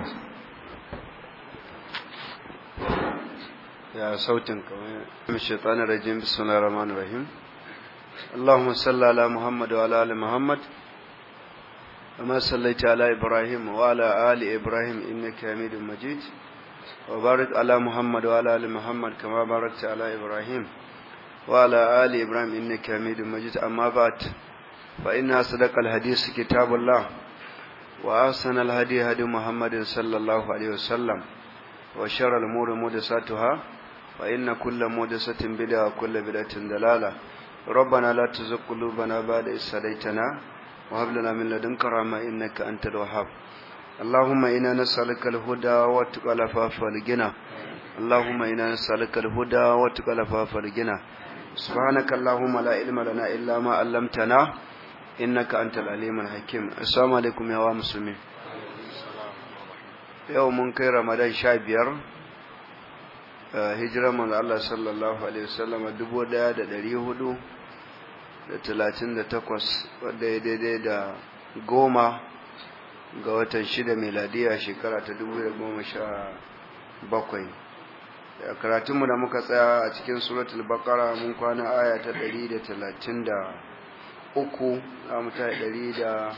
Ilaalani Muhammadu ala ali Muhammad ala ali Muhammad ala ali Muhammad ala ali ala ali Muhammad ala ali Muhammad ala ala ali Muhammad ala ali Muhammad ala ali Muhammad ala ali ala ali Muhammad ala ali Muhammad ala ali ala ali Muhammad ala ali Muhammad ala ali Muhammad ala ali Muhammad ala ali Muhammad ala ali Muhammad وأحسن الهدي هدي محمد صلى الله عليه وسلم وشر الأمور محدثاتها فإن كل محدثة بدعة وكل بدعة ضلالة ربنا لا تزغ قلوبنا بعد إذ هديتنا وهب لنا من لدنك رحمة إنك أنت الوهاب اللهم إنا نسألك الهدى والتقى والعفاف والغنى اللهم إنا نسألك الهدى والتقى والعفاف والغنى سبحانك اللهم لا علم لنا إلا ما علمتنا innaka antal alimul hakim assalamu alaikum yawa musulmi yau mun kai ramadan sha biyar eh, hijirar manzo Allah sallallahu alaihi wasallam dubu daya da dari hudu da talatin da takwas ya daidai da goma ga watan shida miladiya shekara ta dubu da goma sha bakwai karatunmu da muka tsaya a cikin suratul bakara mun kwana aya ta ɗari da talatin da uku da mutane ɗari da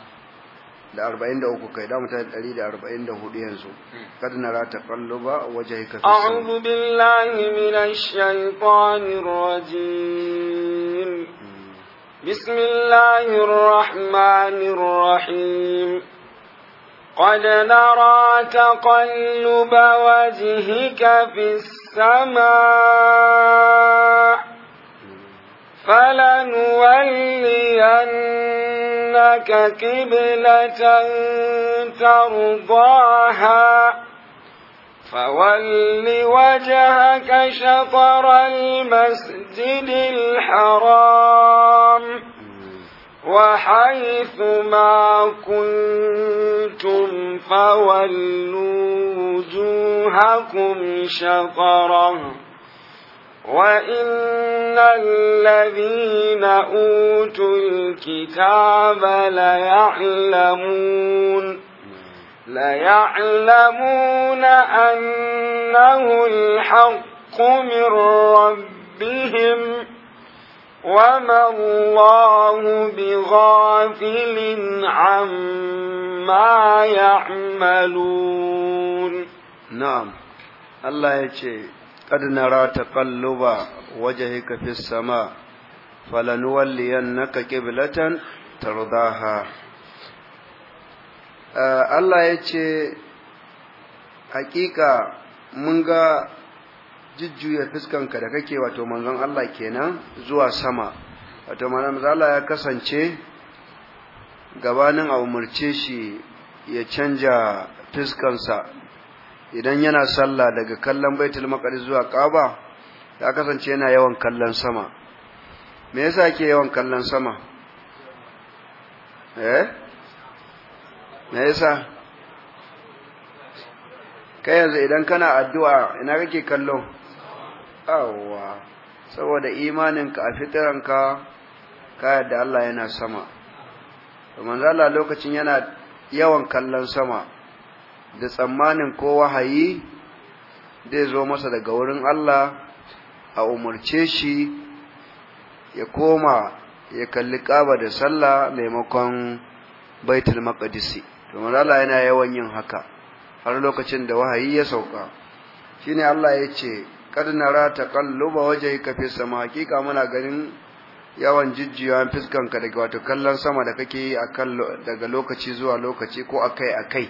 da arba'in da uku kai da mutane ɗari da arba'in da hudu yanzu na rata ba nara taqalluba wajhika fi a'udhu billahi minash shaitanir rajim hmm. bismillahir rahmanir rahim قد نرى تقلب وجهك في السماء فلنولينك قبلة ترضاها فول وجهك شطر المسجد الحرام وحيث ما كنتم فولوا وجوهكم شطره وإن الذين أوتوا الكتاب ليعلمون ليعلمون أنه الحق من ربهم وما الله بغافل عما يعملون نعم الله يجزي قد نرى تقلب وجهك في السماء فلنولينك قبلة ترضاها Allah ya ce, Hakika mun ga jujjuya fuskanka da kake wato manzon Allah kenan zuwa sama, wato manzon Allah ya kasance gabanin a umarce shi ya canja fuskansa idan yana sallah daga kallon baitul maqdis zuwa kaaba ya kasance yana yawan kallon sama me yasa yake yawan kallon sama eh me yasa kai yanzu idan kana addu'a ina kake kallo awwa saboda imaninka a fitiranka ka yadda Allah yana sama to manzo Allah lokacin yana yawan kallon sama da tsammanin ko wahayi zai zo masa daga wurin Allah a umarce shi ya koma ya kalli kaba da sallah maimakon baitul maqdisi to Allah yana yawan yin haka har lokacin da wahayi ya sauka shine Allah ya ce kad nara taqalluba wajhika fi sama hakika muna ganin yawan jijjiyawan fiskanka daga wato kallon sama da kake yi akan daga lokaci zuwa lokaci ko akai akai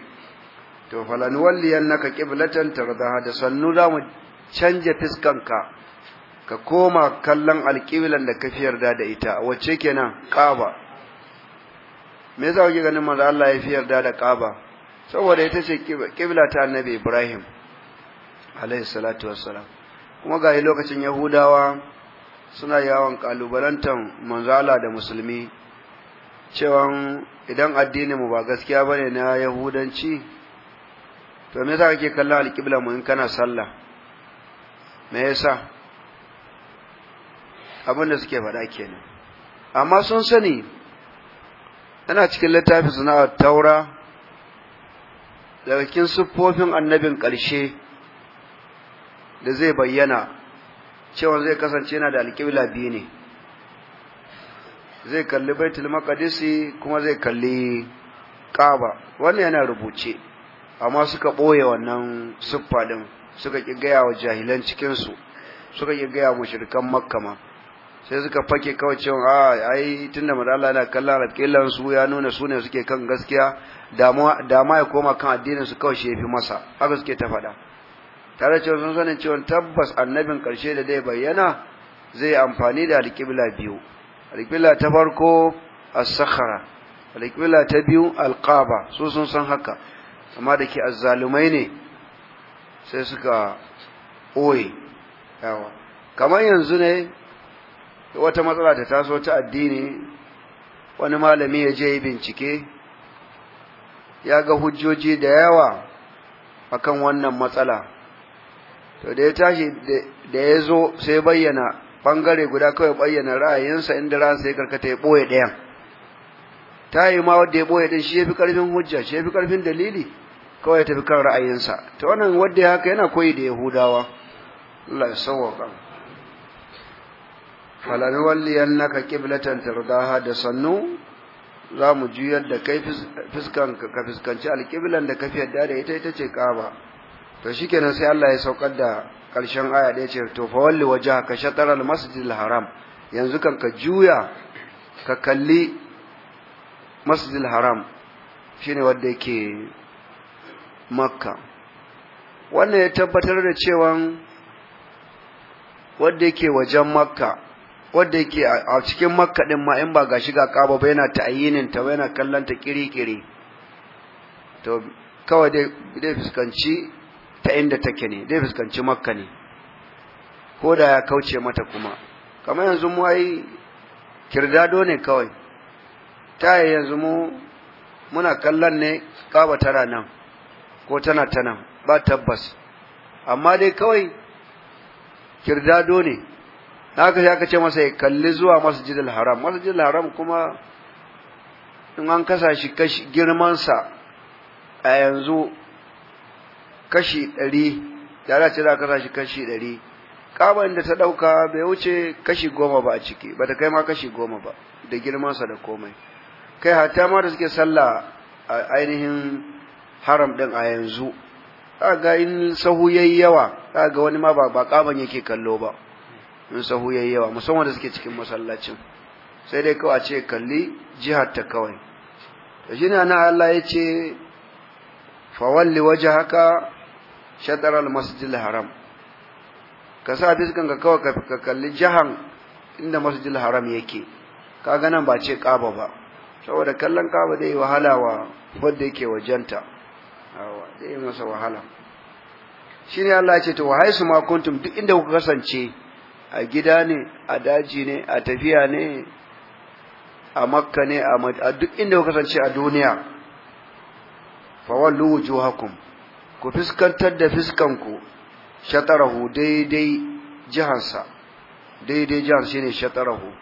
to annaka qiblatan tardaha da sannu za mu canja fiskan ka Ka koma kallon alqiblan da kafi yarda da ita wacce kenan ƙaba me yasa kuke ganin manzo Allah ya fi yarda da ƙaba saboda ita ce qibla ta annabi Ibrahim Alayhi salatu wassalam kuma ga lokacin Yahudawa suna yawon kalubalantan manzo Allah da musulmi cewa idan addinin mu ba gaskiya bane na Yahudanci to me yasa kake kallon alƙibla mu in kana sallah me yasa abin da suke faɗa kenan amma sun sani ana cikin littafi sana'ar taura daga cikin siffofin annabin ƙarshe da zai bayyana cewa zai kasance yana da alƙibla biyu ne zai kalli baitul maqdisi kuma zai kalli kaba wannan yana rubuce amma suka ɓoye wannan siffa ɗin suka ƙi gaya wa jahilan cikinsu suka ƙi gaya shirkan makka ma sai suka fake kawai cewa a ai tunda manzo Allah yana kallon alƙilan su ya nuna su ne suke kan gaskiya da ma ya koma kan addinin su kawai shi yafi masa haka suke ta faɗa tare cewa sun sanin cewa tabbas annabin ƙarshe da dai bayyana zai amfani da alƙibla biyu alƙibla ta farko as-sakhara alƙibla ta biyu al su sun san haka amma da ke azzalumai ne sai suka ɓoye yawa kamar yanzu ne wata matsala ta taso ta addini wani malami ya je bincike ya ga hujjoji da yawa akan wannan matsala to da ya tashi da ya zo sai bayyana bangare guda kawai bayyana ra'ayinsa inda ransa ya karkata ya ɓoye ɗayan ta yi ma wadda ya ɓoye ɗin shi ya fi ƙarfin hujja shi ya fi ƙarfin dalili kawai tafi kan ra'ayinsa ta wannan wanda haka yana koyi da yahudawa Allah ya sawwaka falan walliyannaka qiblatan tardaha da sannu za mu juyar da kai fiskan ka fiskanci alqiblan da kafi yadda da ita ita ce kaba to shikenan sai Allah ya saukar da karshen aya da yace to fa walli wajhaka shatara masjidil haram yanzu kan ka juya ka kalli masjidil haram shine wanda yake makka wannan ya tabbatar da cewa wanda yake wajen makka wanda yake a cikin makka din ma in ba ga shiga kaba ba yana ta'ayinin ta yana kallonta kiri kirikiri to kawai dai fuskanci ta inda take ne dai fuskanci makka ne ko da ya kauce mata kuma kamar yanzu mu ai kirdado ne kawai ta yanzu mu muna kallon ne kaba tara nan ko tana tana ba tabbas amma dai kawai kirdado ne haka sai aka ce masa ya kalli zuwa masjidil haram masjidil haram kuma in an kasa shi kashi sa a yanzu kashi ɗari da ce za a kasa shi kashi ɗari kaba inda ta ɗauka bai wuce kashi goma ba a ciki ba ta kai ma kashi goma ba da girman sa da komai kai hatta ma da suke sallah a ainihin haram ɗin a yanzu ga in sahu yi yawa ga wani ma ba ba yake kallo ba in sahu yi yawa musamman da suke cikin masallacin sai dai kawai a ce kalli jihar ta kawai da shine na Allah ya ce fa walli haka shatar al-masjidil haram ka sa fiskan ka kawai ka kalli jihar inda masjidil haram yake kaga nan ba ce ƙaba ba saboda kallon ƙaba dai wahala wa wanda yake wajenta zai masa wahala shi ne Allah ce ta wahai su makuntum duk inda kuka kasance a gida ne a daji ne a tafiya ne a makka ne a duk inda kuka kasance a duniya fawallu wujuhakum ku fiskantar da fiskanku shatarahu daidai jihansa daidai jihar shine shatarahu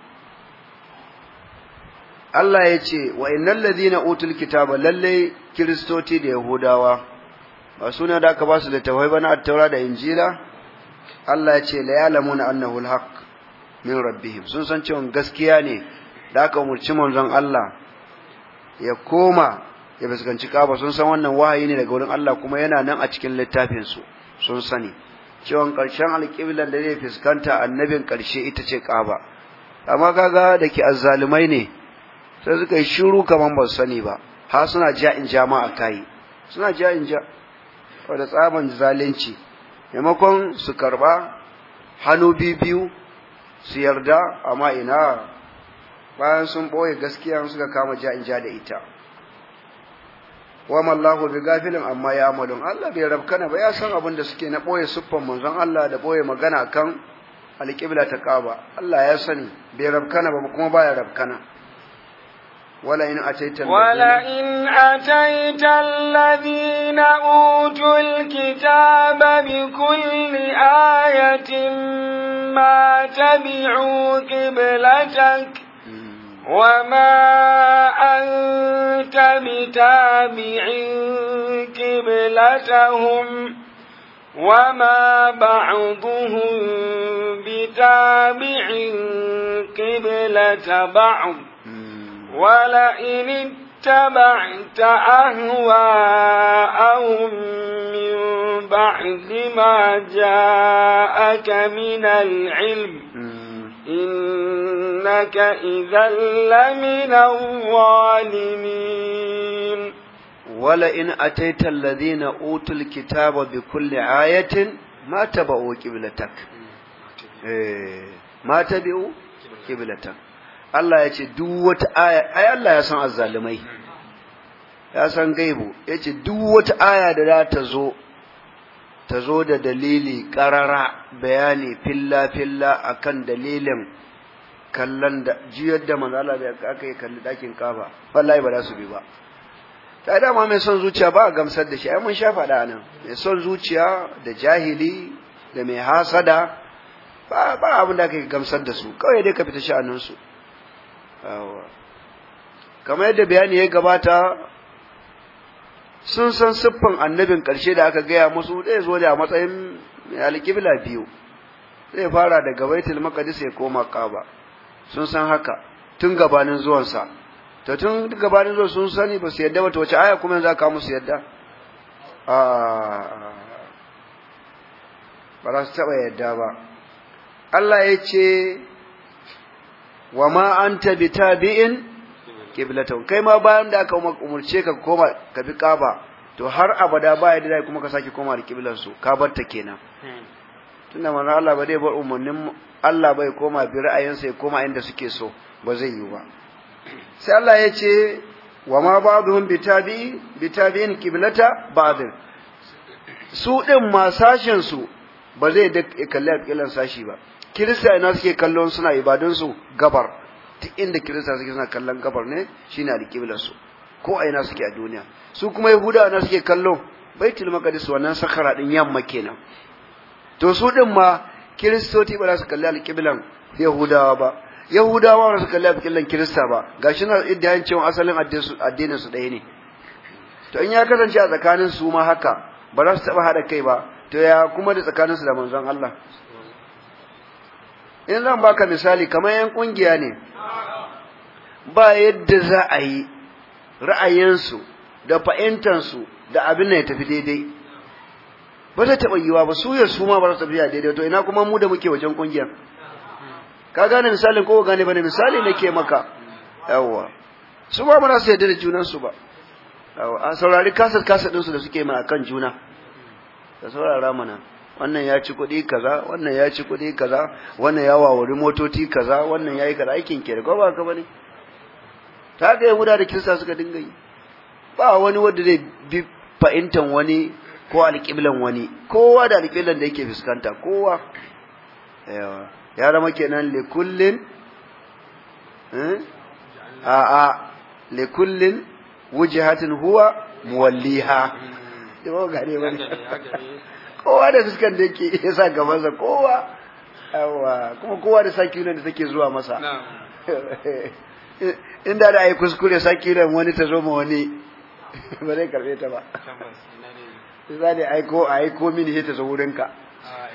Allah ya ce wa innal ladhina utul kitaba lalle kiristoti da yahudawa ba suna da aka ba su littafai ba na attaura da injila Allah ya ce la ya'lamuna annahu alhaq min rabbihim sun san cewa gaskiya ne da aka umurci manzon Allah ya koma ya fuskanci kaba sun san wannan wahayi ne daga wurin Allah kuma yana nan a cikin littafin su sun sani cewa karshen alƙiblar da zai fuskanta annabin karshe ita ce kaba amma kaga da ki azzalumai ne sai suka yi shiru kamar ba su sani ba ha suna ja in ja ma a kai suna ja in ja wadda tsaban zalunci maimakon su karba hannu biyu su yarda amma ina bayan sun boye gaskiya suka kama ja in ja da ita wama Allahu bi gafilin amma ya amalun Allah bai rabkana ba ya san abin da suke na boye siffan manzon Allah da boye magana kan alƙibla ta kaba Allah ya sani bai rabkana ba kuma baya rabkana ولئن أتيت ولئن أتيت الذين أوتوا الكتاب بكل آية ما تبعوا قبلتك وما أنت بتابع قبلتهم وما بعضهم بتابع قبلة بعض ولئن اتبعت أهواءهم من بعد ما جاءك من العلم إنك إذا لمن الظالمين ولئن أتيت الذين أوتوا الكتاب بكل آية ما تبعوا قبلتك إيه، ما تبعوا قبلتك Allah ya ce duk wata aya ai Allah ya san azzalumai ya san gaibu ya ce duk wata aya da za ta zo ta zo da dalili ƙarara bayani filla-filla a kan dalilin kallon da jiyar da manzala da aka yi kalli ɗakin kafa wallahi ba za su bi ba ta dama mai son zuciya ba a gamsar da shi ai mun sha faɗa nan mai son zuciya da jahili da mai hasada ba abin da aka yi gamsar da su kawai dai ka fita sha'aninsu kamar yadda bayani ya gabata sun san siffan annabin ƙarshe da aka gaya musu zai zo da a matsayin alƙibla biyu zai fara daga baitul maqdis ya koma ƙaba sun san haka tun gabanin zuwansa to tun gabanin zuwa sun sani ba su yadda wata wace aya kuma yanzu aka musu yadda a ah, ba za su taɓa yadda ba Allah ya ce wa ma anta bitabi'in qiblatahum kai ma bayan da aka umurce ka koma ka bi kaba to har abada ba yadda kuma ka sake koma da kiblar su ka ta kenan hmm. tunda manzo Allah ba zai bar umurnin Allah bai koma bi ra'ayin sa ya koma inda suke so ba zai yi ba sai Allah ya ce wa ma ba'dhum bitabi bitabi'in qiblata ba'd su din ma sashin su ba zai da kalli kallan sashi ba kirista ina suke kallon suna ibadunsu gabar duk inda kirista suke suna kallon gabar ne shine su ko a ina suke a duniya su kuma yahuda ina suke kallo baitul maqdis wannan sakara din yamma kenan to su din ma kiristoci ba za su kalli alƙiblan yahudawa ba yahudawa ba su kalli alƙiblan kirista ba gashi na iddayan cewa asalin addinin su ɗaya ne to in ya kasance a tsakanin su ma haka ba za su taɓa haɗa kai ba to ya kuma da tsakaninsu da manzon Allah in zan baka misali kamar yan kungiya ne ba yadda za a yi ra'ayinsu da fa'intansu da abin da ya tafi daidai ba ta taɓa yiwa ba su su ma ba ta tafiya daidai to ina kuma mu da muke wajen kungiyar ka gane misalin ko gane ba ne misali ke maka yawwa su ba mana su yadda da junansu ba a saurari kasar kasar ɗinsu da suke ma a kan juna da saurara mana wannan ya ci kuɗi kaza wannan ya ci kuɗi kaza wannan ya wawari motoci kaza wannan ya yi kaza aikin ke da ko ba ka bane ta ga yahuda da kirista suka dinga yi ba wani wanda zai bi fa'intan wani ko alƙiblan wani kowa da alƙiblan da yake fuskanta kowa ya zama kenan likullin eh? a a kullin wujihatin huwa muwalliha ko hmm. gare wani kowa da fuskan da yake ya sa gabansa kowa yawa kuma kowa da sakinan da take zuwa masa inda da ai kuskure sakinan wani ta zo ma wani ba zai karbe ta ba za ne aiko aiko min ya ta zo wurinka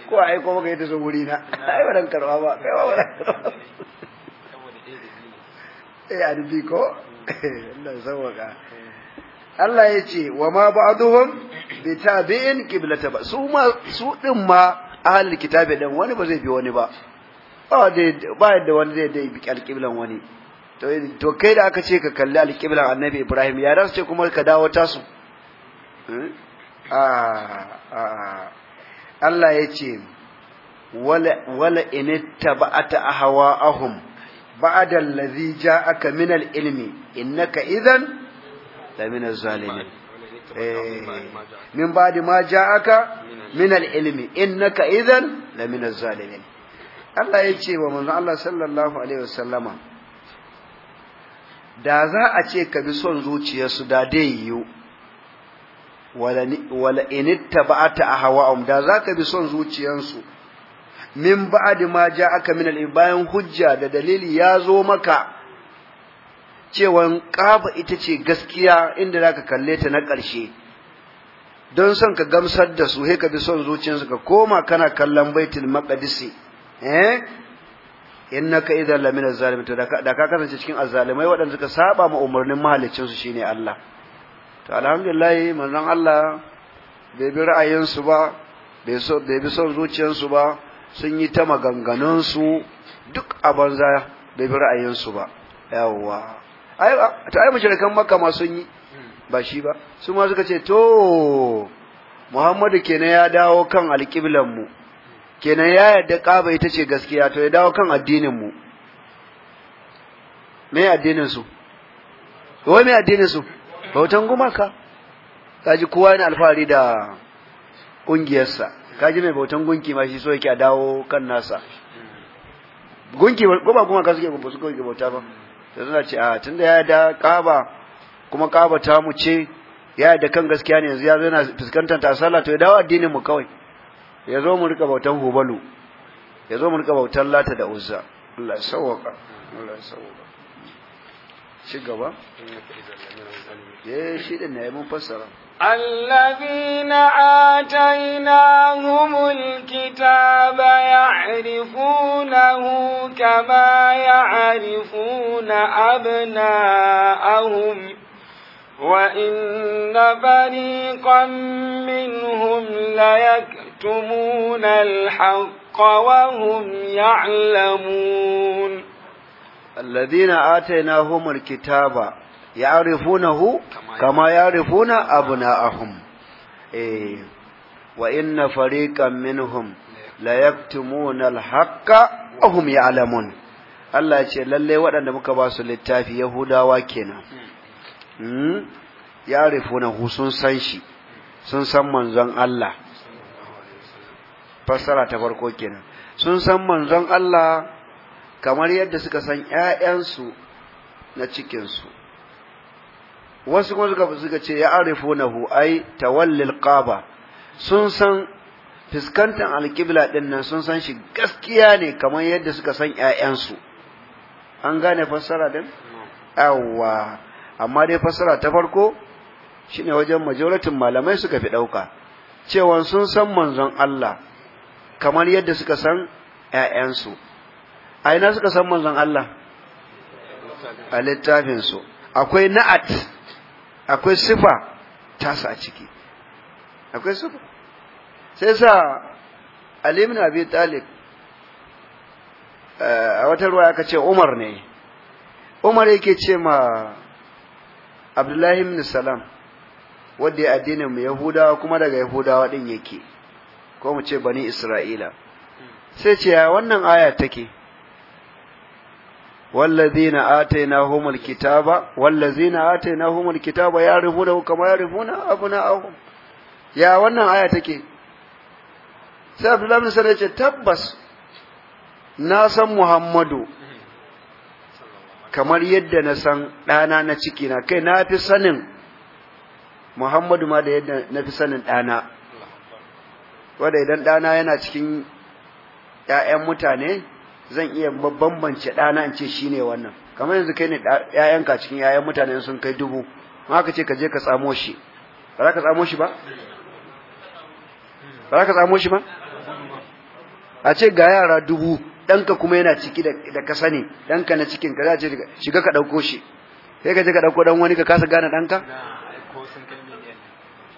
ko aiko maka ya ta zo wurina ai ba dan karba ba kai ba ba eh arbi ko mm. Allah ya sauka eh. Allah ya ce wa ma ba'duhum bi tabi'in qiblata ba su ma su din ma halin kitabi ɗin wani ba zai bi wani ba ba yadda wani zai dai bi alqiblan wani to kai da aka ce ka kalli alqiblan annabi Ibrahim ya su ce kuma ka dawo ta su hmm? Allah ya ce wala inittaba'ata ahwa'ahum ba'da allazi ja'aka min al-ilmi innaka idan لمن zalimin min بعد ma جاءك من العلم ilmi innaka لمن الظالمين zalimin Allah ومن ce wa الله عليه sallallahu alaihi da za a ce ka bi son zuciyarsu da dai yiwu wala inittaba'ata ahwa'um da za ka bi son zuciyarsu min ba'di ma min bayan hujja da dalili ya zo maka cewan kaba ita ce gaskiya inda za ka kalle ta na ƙarshe don son ka gamsar da su ka bi son zuciyarsu ka koma kana kallon baitul maqdisi eh innaka idan lamina zalimin da ka kasance cikin azzalimai waɗanda suka saba ma umarnin mahalicin su shine Allah to alhamdulillah manzon Allah bai bi su ba bai so bai bi son zuciyarsu ba sun yi ta maganganun su duk a banza bai bi ra'ayinsu ba yawwa to ai mushrikan makka ma sun yi ba shi ba su ma suka ce to Muhammadu kenan ya dawo kan alƙiblan mu kenan ya yarda kaba ita ce gaskiya to ya dawo kan addinin mu me addinin su wai me addinin su bautan gumaka kaji kowa yana alfahari da ƙungiyarsa kaji mai bautan gunki ma shi so yake a dawo kan nasa gunki ba ka suke ba su kawai bauta ba da suna ce a ah, da ya da kaba kuma kaba ta mu ce ya da kan gaskiya ne yanzu ya zo yana fuskantar ta sallah to ya dawo addinin mu kawai ya zo mu rika bautan hubalu ya zo mu rika bautan lata da uzza Allah ya sauwaka Allah ya sauwaka ci gaba ya eh, yi shi ɗin na yi mun fassara. Allazina atayna humul kitaba ya'rifunahu kama ya'rifuna abna'ahum wa inna fariqan minhum layaktumuna al-haqqa wa hum ya'lamun. Ya alladhina atainahumul kitaba ya'rifunahu kama ya'rifuna abna'ahum eh wa inna fariqan minhum la yaktumuna al-haqqa wa hum ya'lamun Allah ce lalle waɗanda muka ba su littafi Yahudawa kenan mm ya'rifunahu sun san shi sun san manzon Allah fassara ta farko kenan sun san manzon Allah kamar yadda suka san ƴaƴansu na cikinsu wasu kuma suka suka ce ya arifu na ai tawallil qaba sun san fuskantar alkibla ɗin nan sun san shi gaskiya ne kamar yadda suka san ƴaƴansu an gane fassara din? yawwa amma dai fassara ta farko shine wajen majoratin malamai suka fi ɗauka cewa sun san manzon Allah kamar yadda suka san ‘ya'yansu a ina suka san manzon Allah a littafin su akwai na'at akwai sifa tasa a ciki akwai sifa sai sa Ali ibn Abi Talib eh, a wata ruwa aka ce Umar ne Umar yake ce ma Abdullahi ibn Salam wanda ya addinin mu Yahudawa kuma daga Yahudawa din yake ko mu ce bani Isra'ila sai ce wannan aya take والذين آتيناهم الكتاب والذين آتيناهم الكتاب يعرفونه كما يعرفون أبناءهم يا wannan aya take sai Abdullahi bin Sa'id tabbas na san Muhammadu kamar yadda na san ɗana na ciki na kai na fi sanin Muhammadu ma da yadda na fi sanin ɗana wanda ɗana yana cikin ‘ya'yan mutane zan iya bambance ɗana in ce shine wannan kamar yanzu kai ne ƴaƴanka cikin ƴaƴan mutane sun kai dubu ma ka ce ka je ka tsamo shi ba za ka tsamo shi ba ba za ka tsamo shi ba a ce ga yara dubu ɗanka kuma yana ciki da ka sani ɗanka na cikin ka za a ce shiga ka ɗauko shi sai ka je ka ɗauko ɗan wani ka kasa gane ɗanka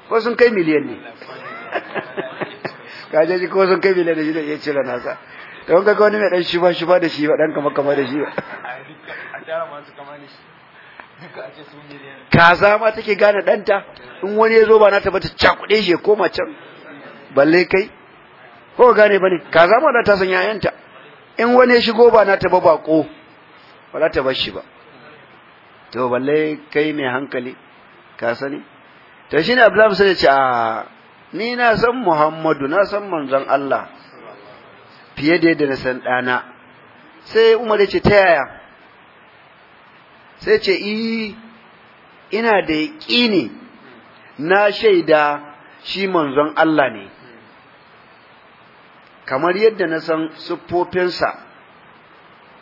ko sun kai miliyan ne ka je ko sun kai miliyan ne shi da iya cire nasa don kaga wani mai dan shi ba shi ba da shi ba dan kama kama da shi ba a tara da shi kaza ma take gane danta in wani ya zo ba na tabbata cakude shi ya koma can balle kai ko gane bane kaza ma da ta san yayanta in wani ya shigo ba na taba bako ba za ta bar shi ba to balle kai mai hankali ka sani to shine Abdullahi sai ya ce a ah, ni na san Muhammadu na san manzon Allah fiye da yadda na san ɗana sai umar ya ce ta yaya sai ce i ina da ne na shaida shi manzon Allah ne kamar yadda na san siffofinsa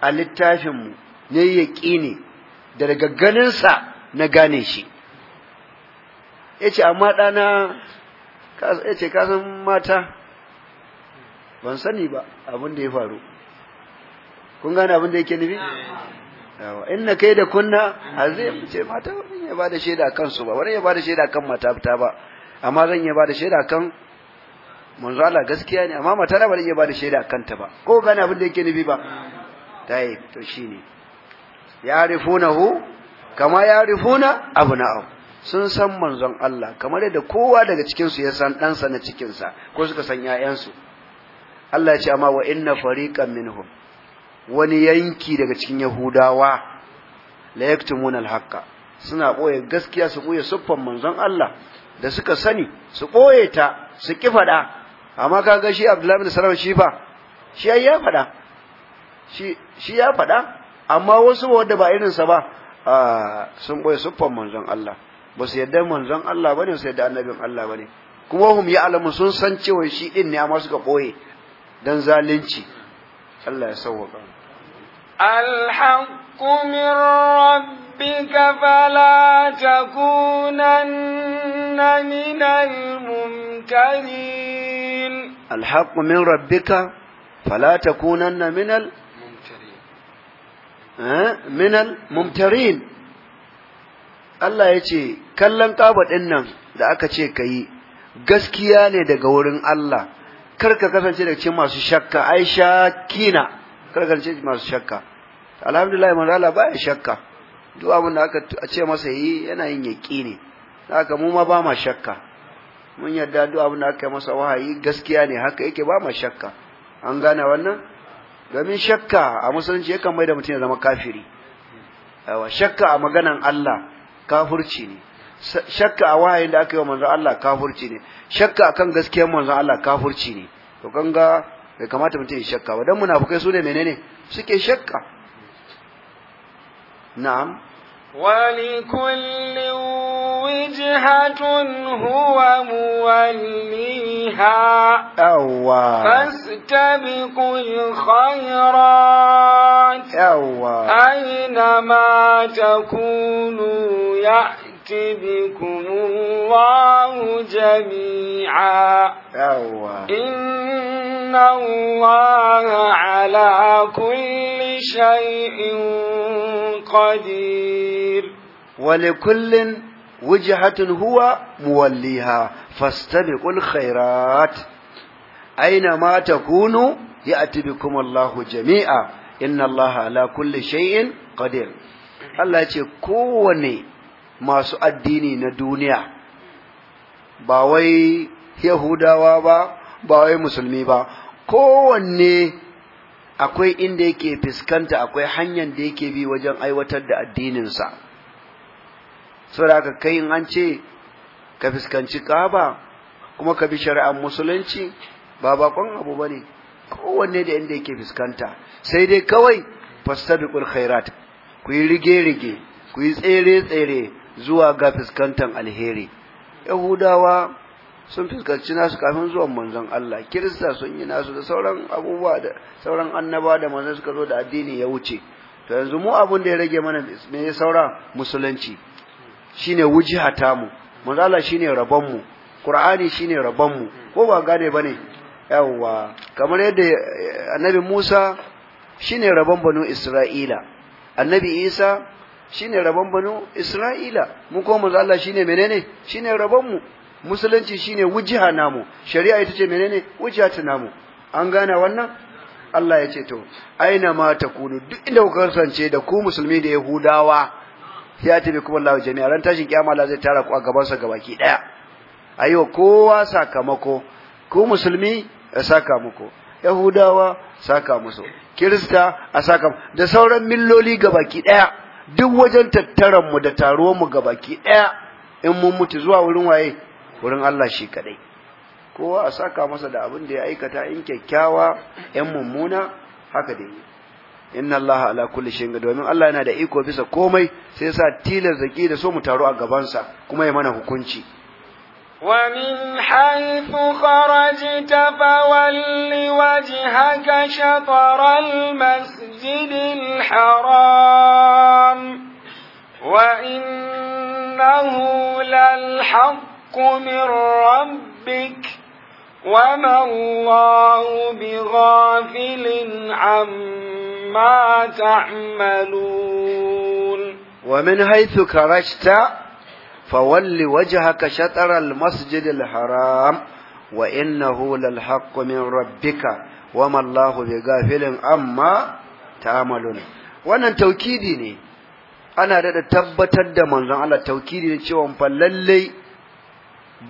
a littafinmu ne yaƙini da daga ganinsa na gane shi ya ce amma ɗana ya ce kasan mata ban sani ba abin da ya faru kun gane abin da yake nufi yawa inna kai da kunna azim ce mata wani ya bada shaida kan su ba wani ya bada shaida kan mata ta ba amma zan iya bada shaida kan manzo Allah gaskiya ne amma mata ba zan iya bada shaida kan ta ba ko gane abin da yake nufi ba tayi to shine ya'rifunahu kama ya'rifuna abna'ahu sun san manzon Allah kamar yadda kowa daga cikin su ya san ɗansa na cikin sa ko suka san ƴaƴansu Allah ya ce amma wa inna fariqan minhum wani yanki daga cikin Yahudawa la yaktumuna alhaqa suna boye gaskiya su boye suffan manzon Allah da suka sani su boye ta su kifada amma kaga shi Abdullahi bin Salam shi fa shi ya fada shi shi ya fada amma wasu wanda ba irin sa ba sun boye suffan manzon Allah ba su yadda manzon Allah bane su yadda annabin Allah bane kuma hum ya'lamu sun san cewa shi din ne amma suka boye dan zalunci Allah ya sauwaka الحق من ربك فلا تكونن من الممترين الحق من ربك فلا تكونن من الممترين من الممترين Allah ya ce, Kallon ƙaba ɗinnan da aka ce ka gaskiya ne daga wurin Allah, kar ka kasance daga cikin masu shakka ai shakina kar ka kasance masu shakka alhamdulillah manzo Allah baya shakka duk abin da aka ce masa yi yana yin ne haka mu ma ba ma shakka mun yarda duk abin da aka masa wahayi gaskiya ne haka yake ba ma shakka an gane wannan domin shakka a musulunci yakan mai da mutum ya zama kafiri yawa shakka a maganan Allah kafirci ne shakka a wahayin da aka yi wa manzon Allah kafirci ne shakka akan gaskiyar manzon Allah kafirci ne to kanga bai kamata mutum ya shakka ba dan munafukai su ne menene suke shakka na'am ولكل وجهة هو موليها أوا فاستبقوا الخيرات أوا أينما تكونوا يأتي يأتي بكم الله جميعا إن الله على كل شيء قدير ولكل وجهة هو موليها فاستبقوا الخيرات أينما تكونوا يأتي بكم الله جميعا إن الله على كل شيء قدير Allah ce kowane masu addini na duniya ba wai yahudawa ba ba wai musulmi ba kowanne akwai inda yake fuskanta akwai hanyar da yake bi wajen aiwatar da addininsa saboda aka kai in an ce ka fuskanci kaba kuma ka bi shari'ar musulunci ba bakon abu ba ne kowanne da inda yake fuskanta sai dai kawai fastabiqul khairat ku yi rige-rige ku yi tsere-tsere zuwa ga fuskantar alheri yahudawa sun fuskanci nasu kafin zuwan manzon Allah kirista sun yi nasu da sauran abubuwa da sauran annaba da manzon suka zo da addini ya wuce to yanzu mu abun da ya rage mana me ya saura musulunci shine wujiha mu. manzon Allah shine rabon mu Qur'ani shine rabon mu ko ba gane bane yawa kamar yadda eh, annabi Musa shine rabon banu Isra'ila annabi Isa shine rabon banu Isra'ila mu ko manzo Allah shine menene shine rabon mu musulunci shine wujiha namu shari'a ita ce menene wujiha ta namu an gane wannan Allah ya ce to aina ma kunu duk inda kuka kasance da ku musulmi da yahudawa ya tabi kuma Allah jami'a ran tashin kiyama Allah zai tara ku a gaban sa gabaki daya ayo kowa sakamako ku musulmi saka muku yahudawa saka musu kirista a saka da sauran milloli gabaki daya duk wajen tattaran mu da taruwan mu baki ɗaya in mun mutu zuwa wurin waye wurin Allah shi kadai kowa a saka masa da abin da ya aikata in kyakkyawa yan mummuna haka dai inna Allah ala kulli shay'in domin Allah yana da iko bisa komai sai yasa tilar zaki da so mu taru a gabansa kuma ya mana hukunci ومن حيث خرجت فول وجهك شطر المسجد الحرام وإنه للحق من ربك وما الله بغافل عما تعملون ومن حيث خرجت فولي وجهك شطر المسجد الحرام وإنه للحق من ربك وما الله بغافل أما تعملون wannan taukidi ne ana da tabbatar da manzon Allah taukidi ne cewa fa lalle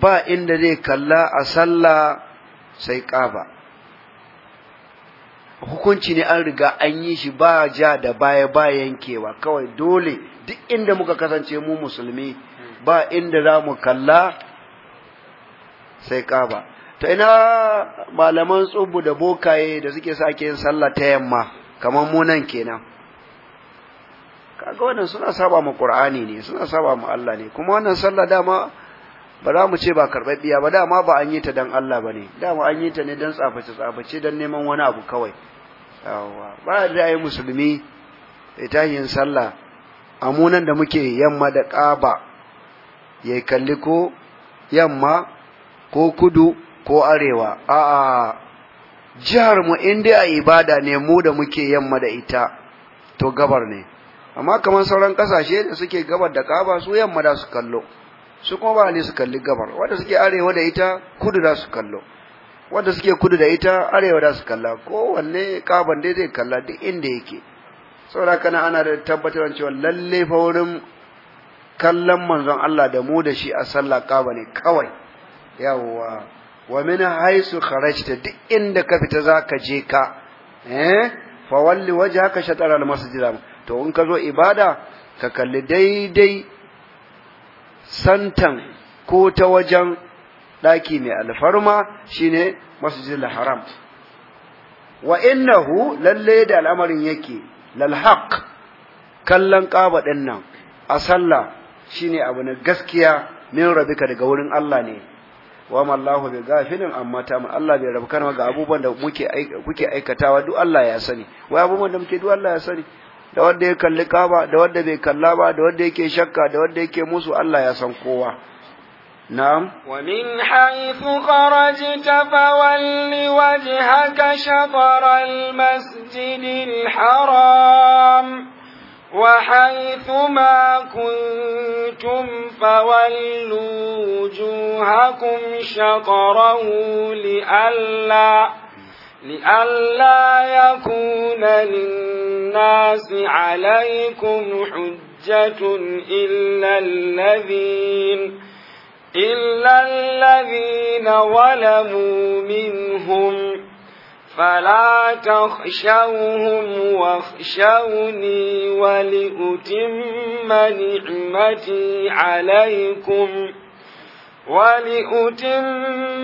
ba inda zai kalla a sallah sai kaba hukunci ne an riga an yi shi ba ja da baya ba yankewa kawai dole duk inda muka kasance mu musulmi ba inda za mu kalla sai kaba ta ina malaman tsubu da bokaye da suke sake yin sallah ta yamma kamar munan kenan kaga wannan suna saba mu qur'ani ne suna saba mu Allah ne kuma wannan sallah dama ba za mu ce ba karɓaɓɓiya ba dama ba an yi ta dan Allah ba dama an yi ta ne dan tsaface tsaface dan neman wani abu kawai ba da yi musulmi ita yin sallah amunan da muke yamma da ƙaba ya kalli ko yamma ko kudu ko arewa a'a jihar mu inda a ibada ne mu da muke yamma da ita to gabar ne amma kamar sauran kasashe da suke gabar da kaba su yamma da su kallo su kuma ba ne su kalli gabar wanda suke arewa da ita kudu da su kallo wanda suke kudu da ita arewa da su kalla ko wanne kaban dai zai kalla duk inda yake saboda kana ana da tabbatar cewa lalle fa wurin kallon manzon Allah da mu da shi a sallah kaba ne kawai yawwa wa min haisu kharajta duk inda ka fita zaka je ka eh fa walli wajhaka shatr al masjid to in ka zo ibada ka kalli daidai santan ko ta wajen daki mai alfarma shine masjidil haram wa innahu lalle da al'amarin yake lal kallon kaba din a sallah shine abu na gaskiya min rabbika daga wurin Allah ne wa ma Allahu bi ghafilin amma ta mu Allah bai rabu kana ga abubuwan da muke kuke aikatawa duk Allah ya sani wai abubuwan da muke duk Allah ya sani da wanda ya kalli kaba da wanda bai kalla ba da wanda yake shakka da wanda yake musu Allah ya san kowa نعم ومن حيث خرجت فول وجهك شطر المسجد الحرام وحيث ما كنتم فولوا وجوهكم شطره لئلا لئلا يكون للناس عليكم حجة إلا الذين إلا الذين ظلموا منهم فلا تخشوهم واخشوني ولأتم نعمتي عليكم ولأتم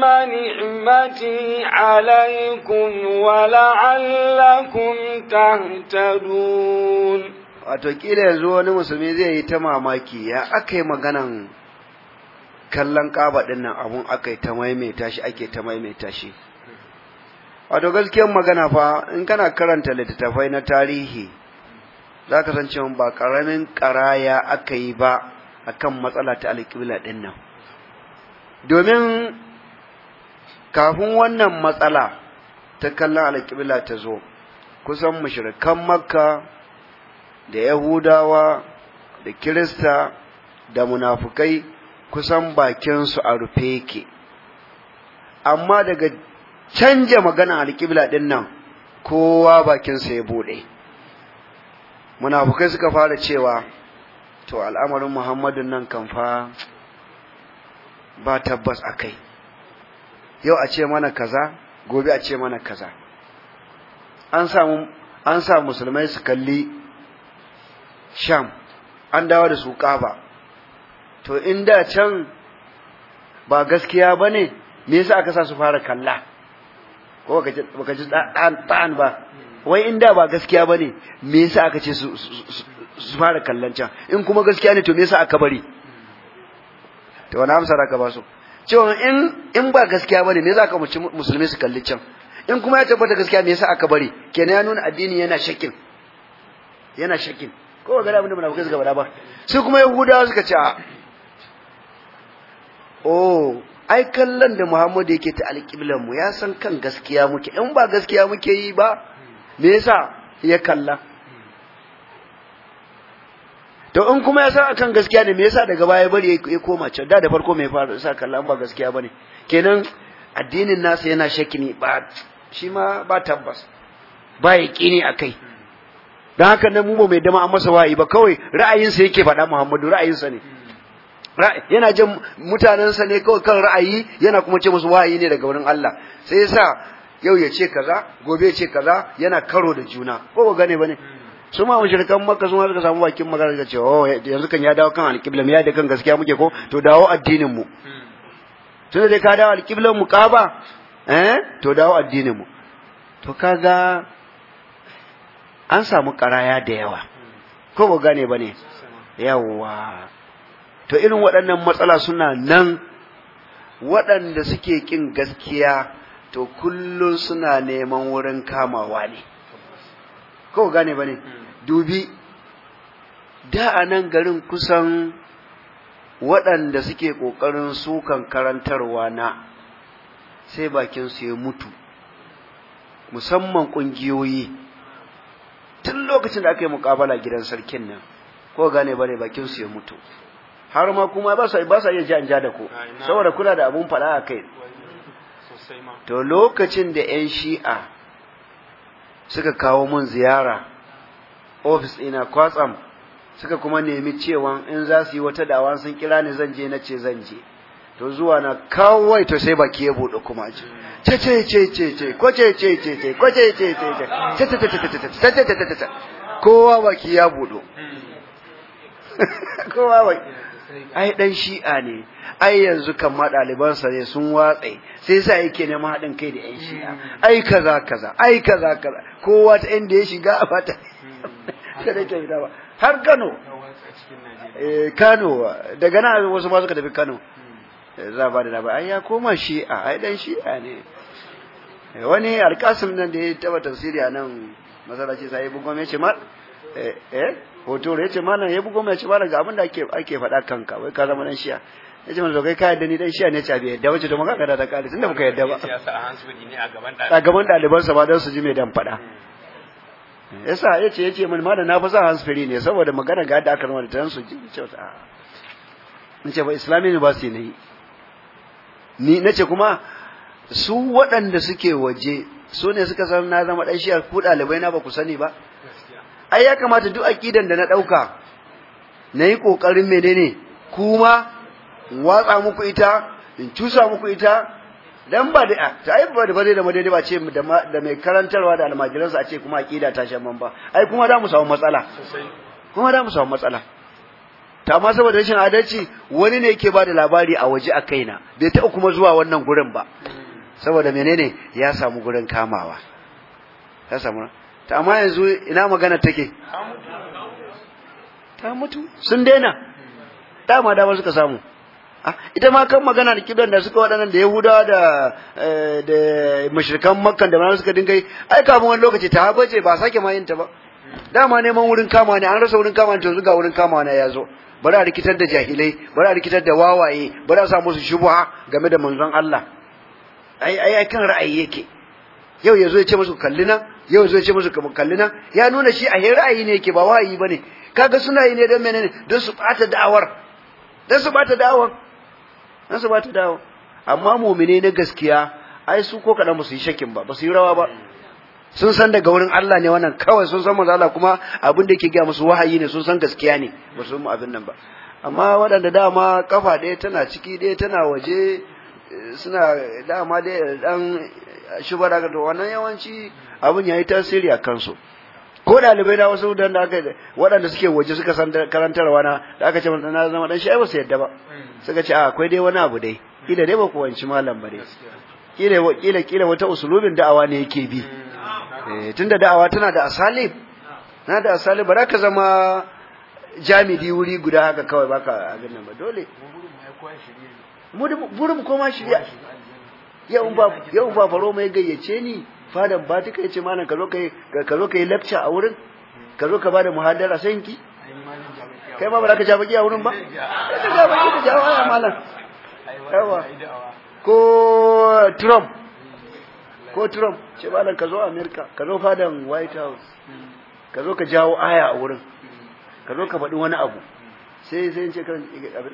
نعمتي عليكم ولعلكم تهتدون wato kila yanzu wani musulmi zai yi ta mamaki ya aka yi maganan kallon kaba ɗinnan abun aka yi ta maimaita shi ake ta maimaita shi wato gaskiyar magana fa in kana karanta littattafai na tarihi za ka san cewa ba karamin karaya aka yi ba a kan matsala ta alƙibla ɗin nan domin kafin wannan matsala ta kallon alƙibla ta zo kusan mushrikan makka da yahudawa da kirista da munafukai kusan bakinsu a rufe yake amma daga canja magana alƙibla ɗin nan kowa sa ya buɗe munafukai suka fara cewa to al'amarin muhammadun nan kan fa ba tabbas a kai yau a ce mana kaza gobe a ce mana kaza an samu an sa musulmai su kalli sham an dawo da su kaba to inda can ba gaskiya bane me yasa aka sa su fara kalla ko baka ji ta'an ba wai in da ba gaskiya bane me yasa aka ce su fara kallon can in kuma gaskiya ne to me yasa aka bari to wani amsa ka ba su cewa in in ba gaskiya bane me yasa aka musulmi su kalli can in kuma ya tabbata gaskiya me yasa aka bari kenan ya nuna addini yana shakin yana shakin ko ga abin da buƙatar gaba da ba sai kuma yahudawa suka ce a oh ai kallon da Muhammadu yake ta alƙiblan mu ya san kan gaskiya muke in ba gaskiya muke yi ba me yasa ya kalla to in kuma ya san akan gaskiya ne me yasa daga baya bari ya koma can da da farko mai fara sa kalla in ba gaskiya bane kenan addinin nasa yana shakini ba shi ma ba tabbas ba ya a akai dan haka nan mu ba mai dama an masa wa'i ba kawai ra'ayinsa yake faɗa Muhammadu ra'ayinsa ne yana jin mutanensa ne kawai kan ra'ayi yana kuma ce musu wayi ne daga wurin Allah sai yasa yau ya ce kaza gobe ya ce kaza yana karo da juna ko ba gane bane hmm. su ma mushrikan makka su ma suka samu bakin magana suka ce oh yanzu kan ya dawo kan alqibla ya da kan gaskiya muke ko to dawo addinin mu hmm. tunda dai ka dawo alqibla mu kaba eh to dawo addinin mu to kaga an samu karaya da yawa hmm. ko ba gane bane yawa to irin waɗannan matsala suna nan waɗanda suke ƙin gaskiya to kullum suna neman wurin kamawa ne ko gane ba ne hmm. dubi da a nan garin kusan waɗanda suke ƙoƙarin sukan karantarwa na sai bakin su ya mutu musamman ƙungiyoyi tun lokacin da aka yi mukabala gidan sarkin nan ko gane ba ne bakin su ya mutu har ma kuma ba sa ba sa iya ja da ku saboda kuna da abun fada a kai to lokacin da yan shi'a suka kawo mun ziyara ofis ina kwatsam suka kuma nemi cewa in za su yi wata dawa sun kira ni zan je na ce zan je to zuwa na kawai to sai baki ya bude kuma ce ce ce ce ce ce ko ce ce ce ce ko ce ce ce ce ce ce ce ce ce ce ce ce ce ce ce ce ce ce ai dan shi'a ne ai yanzu kan ma ɗalibansa ne sun watse sai sa yake neman haɗin kai da yan shi'a hmm. ai kaza kaza ai kaza kaza kowa ta inda ya shiga a fata da ke fita ba har Kano eh Kano daga nan wasu ma suka tafi Kano hmm. za ba da ba ai ya koma shi'a ai dan shi'a ne eh, wani alkasim nan da ya taba tafsiri a nan masallaci sai bugo me ce ma eh, eh? hoto ya ce malam ya bugo mai ce malam ga abin da ake ake faɗa kanka wai ka zama dan shiya ya ce mana zogai kai ka yadda ni dan shiya ne ci bai yadda wace to mun kada da kare tunda muka yadda ba a gaban ɗaliban sa ba dan su ji mai dan faɗa hmm. yasa ya ce ya ce mun malam na fi sa firi ne saboda magana ga yadda aka zama da dan su ji ce in ce ba islami university ne ni nace kuma su waɗanda suke waje su ne suka san na zama dan shiya ku ɗalibai na ba ku sani ba ai ya kamata duk aqidan da na dauka nayi kokarin menene kuma watsa muku ita in cusa muku ita dan ba da ai ba da bare da madai ba ce da mai karantarwa da almajiransa a ce kuma aqida ta shan ba ai kuma da mu samu matsala kuma da mu samu matsala ta ma saboda rashin adalci wani ne yake ba da labari a waje a kaina bai taɓa kuma zuwa wannan gurin ba mm. saboda menene ya samu gurin kamawa ya samu ta amma yanzu ina magana take ta mutu sun daina dama dama suka samu ah, ita ma kan magana da kidan da suka waɗannan da yahuda da eh, da mashirkan makkan da mana suka dinga yi ai kafin wani lokaci ta habace ba sake ma yin ta ba dama neman wurin kama ne an rasa wurin kama ne to ga wurin kama ne ya zo bari a rikitar da jahilai bari a rikitar da wawaye bari a sa musu shubha game da manzon Allah ai ai kan ra'ayi yake yau yazo ya ce musu kalli nan yau zai ce musu kamar kalli nan ya nuna shi a ra'ayi ne yake ba wahayi bane kaga suna yi ne don menene don su bata da'awar don su bata da'awar don su bata da'awar amma mu'mine na gaskiya ai su ko kadan musu su yi shakin ba ba su yi rawa ba sun san daga wurin Allah ne wannan kawai sun san manzo Allah kuma abin da yake ga musu wahayi ne sun san gaskiya ne ba su mu abin nan ba amma waɗanda dama kafa ɗaya tana ciki ɗaya tana waje eh, suna dama dai dan shubara ga to wannan yawanci abin yi tasiri a kansu ko dalibai na wasu da aka waɗanda suke waje suka san karantarwa na da aka ce na zama dan shi ba su yadda ba suka ce a ah, akwai dai wani abu dai kila dai ba ku wanci malam ba dai kila kila kila wata usulubin da'awa ne yake bi eh, tunda da'awa tana da asali na da asali ba za ka zama jamidi wuri guda haka kawai baka abin nan ba dole burin koma shirya yau ba faro mai gayyace ni fadan batika yace malam ka zo kai ka zo kai lecture a wurin ka zo ka bada muhadara sai ki kai ma ba za ka ja baki a wurin ba ka ja baki ka ja waya malam yawa ko Trump ko Trump ce malam ka zo America ka zo fadan White House ka zo ka jawo aya a wurin ka zo ka faɗi wani abu sai sai ce kan abin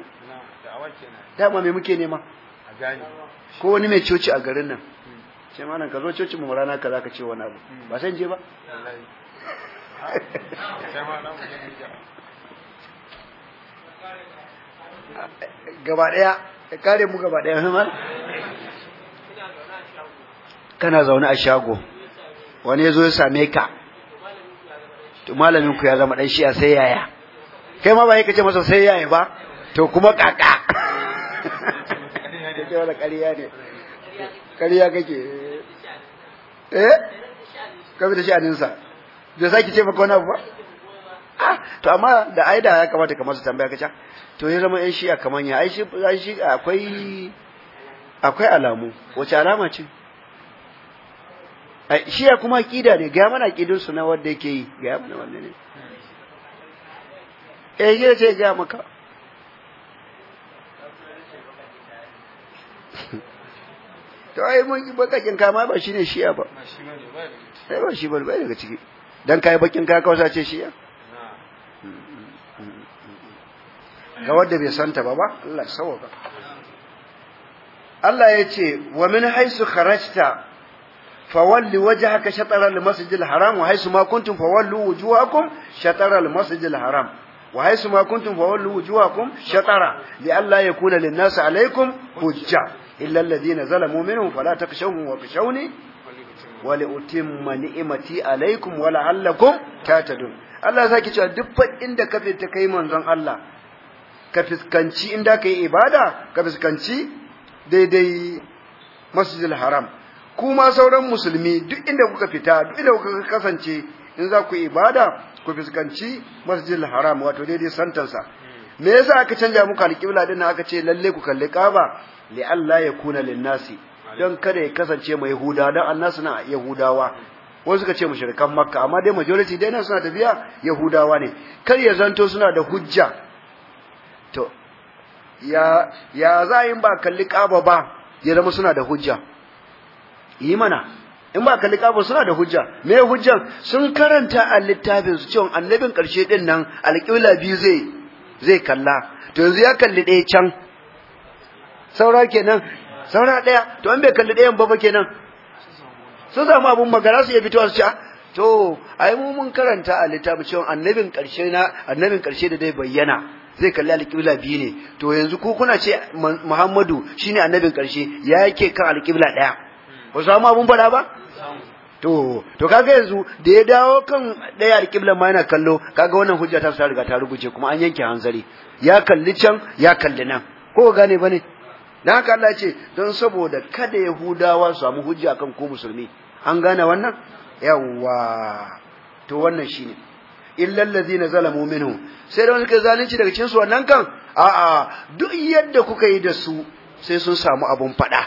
dama mai muke nema ko wani mai coci a garin nan ce malam ka zo coci mu rana ka za ka ce wani abu ba san je ba gaba daya ka kare mu gaba daya himar kana zaune a shago wani ya zo ya same ka to malamin ku ya zama dan a sai yaya kai ma ba yake ce masa sai yaya ba to kuma kaka kake ne kariya kake eh ka bi da sha'aninsa bai sake ce maka wani abu ba ah, to amma da aida ya kamata kamar su tambaya kaca to ya zama yan shi'a kamar ya ai shi akwai akwai alamu wace alama ce shi'a kuma kida ne ga mana kidin su na wanda yake yi ga mana wannan ne eh ya ce ga maka to ai mun bakakin ma ba shine shiya ba sai ba shi ba ba daga ciki dan kai bakin ka kausa ce shiya ga wanda bai santa ba ba Allah ya sauka Allah ya ce wa min haisu kharajta fawalli wajhaka shatara al-masjidil haram wa haisu ma kuntum fawallu wujuhakum shatara al-masjidil haram wa haisu ma kuntum fawallu wujuhakum shatara li alla yakuna lin-nasi alaykum hujja illa alladhina zalamu minhum fala takshawhum wa khashawni wa li utimma ni'mati alaikum wa la'allakum Allah ya saki cewa duk da ka fita kai manzon Allah ka fiskanci inda yi ibada ka fiskanci daidai masjidil haram kuma sauran musulmi duk inda kuka fita duk inda kuka kasance in za ku ibada ku fiskanci masjidil haram wato daidai santansa me yasa aka canja muku alƙibla din aka ce lalle ku kalli kaba li Allah ya kuna lin nasi don kada ya kasance mai huda dan annasu na Yahudawa wasu suka ce mushrikan Makka amma dai majority dai nan suna tafiya Yahudawa ne kar ya zanto suna da hujja to ya ya za ba kalli kaba ba ya zama suna da hujja yi mana in ba kalli kaba suna da hujja me hujjan sun karanta a littafin su cewa annabin karshe din nan alƙibla biyu zai zai kalla to yanzu ya kalli ɗaya can saura kenan saura ɗaya to an bai kalli ɗayan ba kenan sun samu abin magana su ya fito su ci ah, to ai mu mun karanta a littafin cewa annabin ƙarshe ƙarshe da dai bayyana zai kalli alƙibla biyu ne to yanzu ko kuna ce Muhammadu shine annabin ƙarshe ya yake kan alƙibla ɗaya ba su samu abun faɗa ba to to kaga yanzu da ya dawo kan daya alƙiblan ma yana kallo kaga wannan hujja ta riga ta rubuce kuma an yanke hanzari ya kalli can ya kalli nan ko gane bane dan haka Allah ce don saboda kada yahudawa su samu hujja akan ko musulmi an gane wannan yawwa to wannan shine illa allazina zalamu minhu sai da ka zalunci daga cikin su wannan kan a'a duk yadda kuka yi da su sai sun samu abun faɗa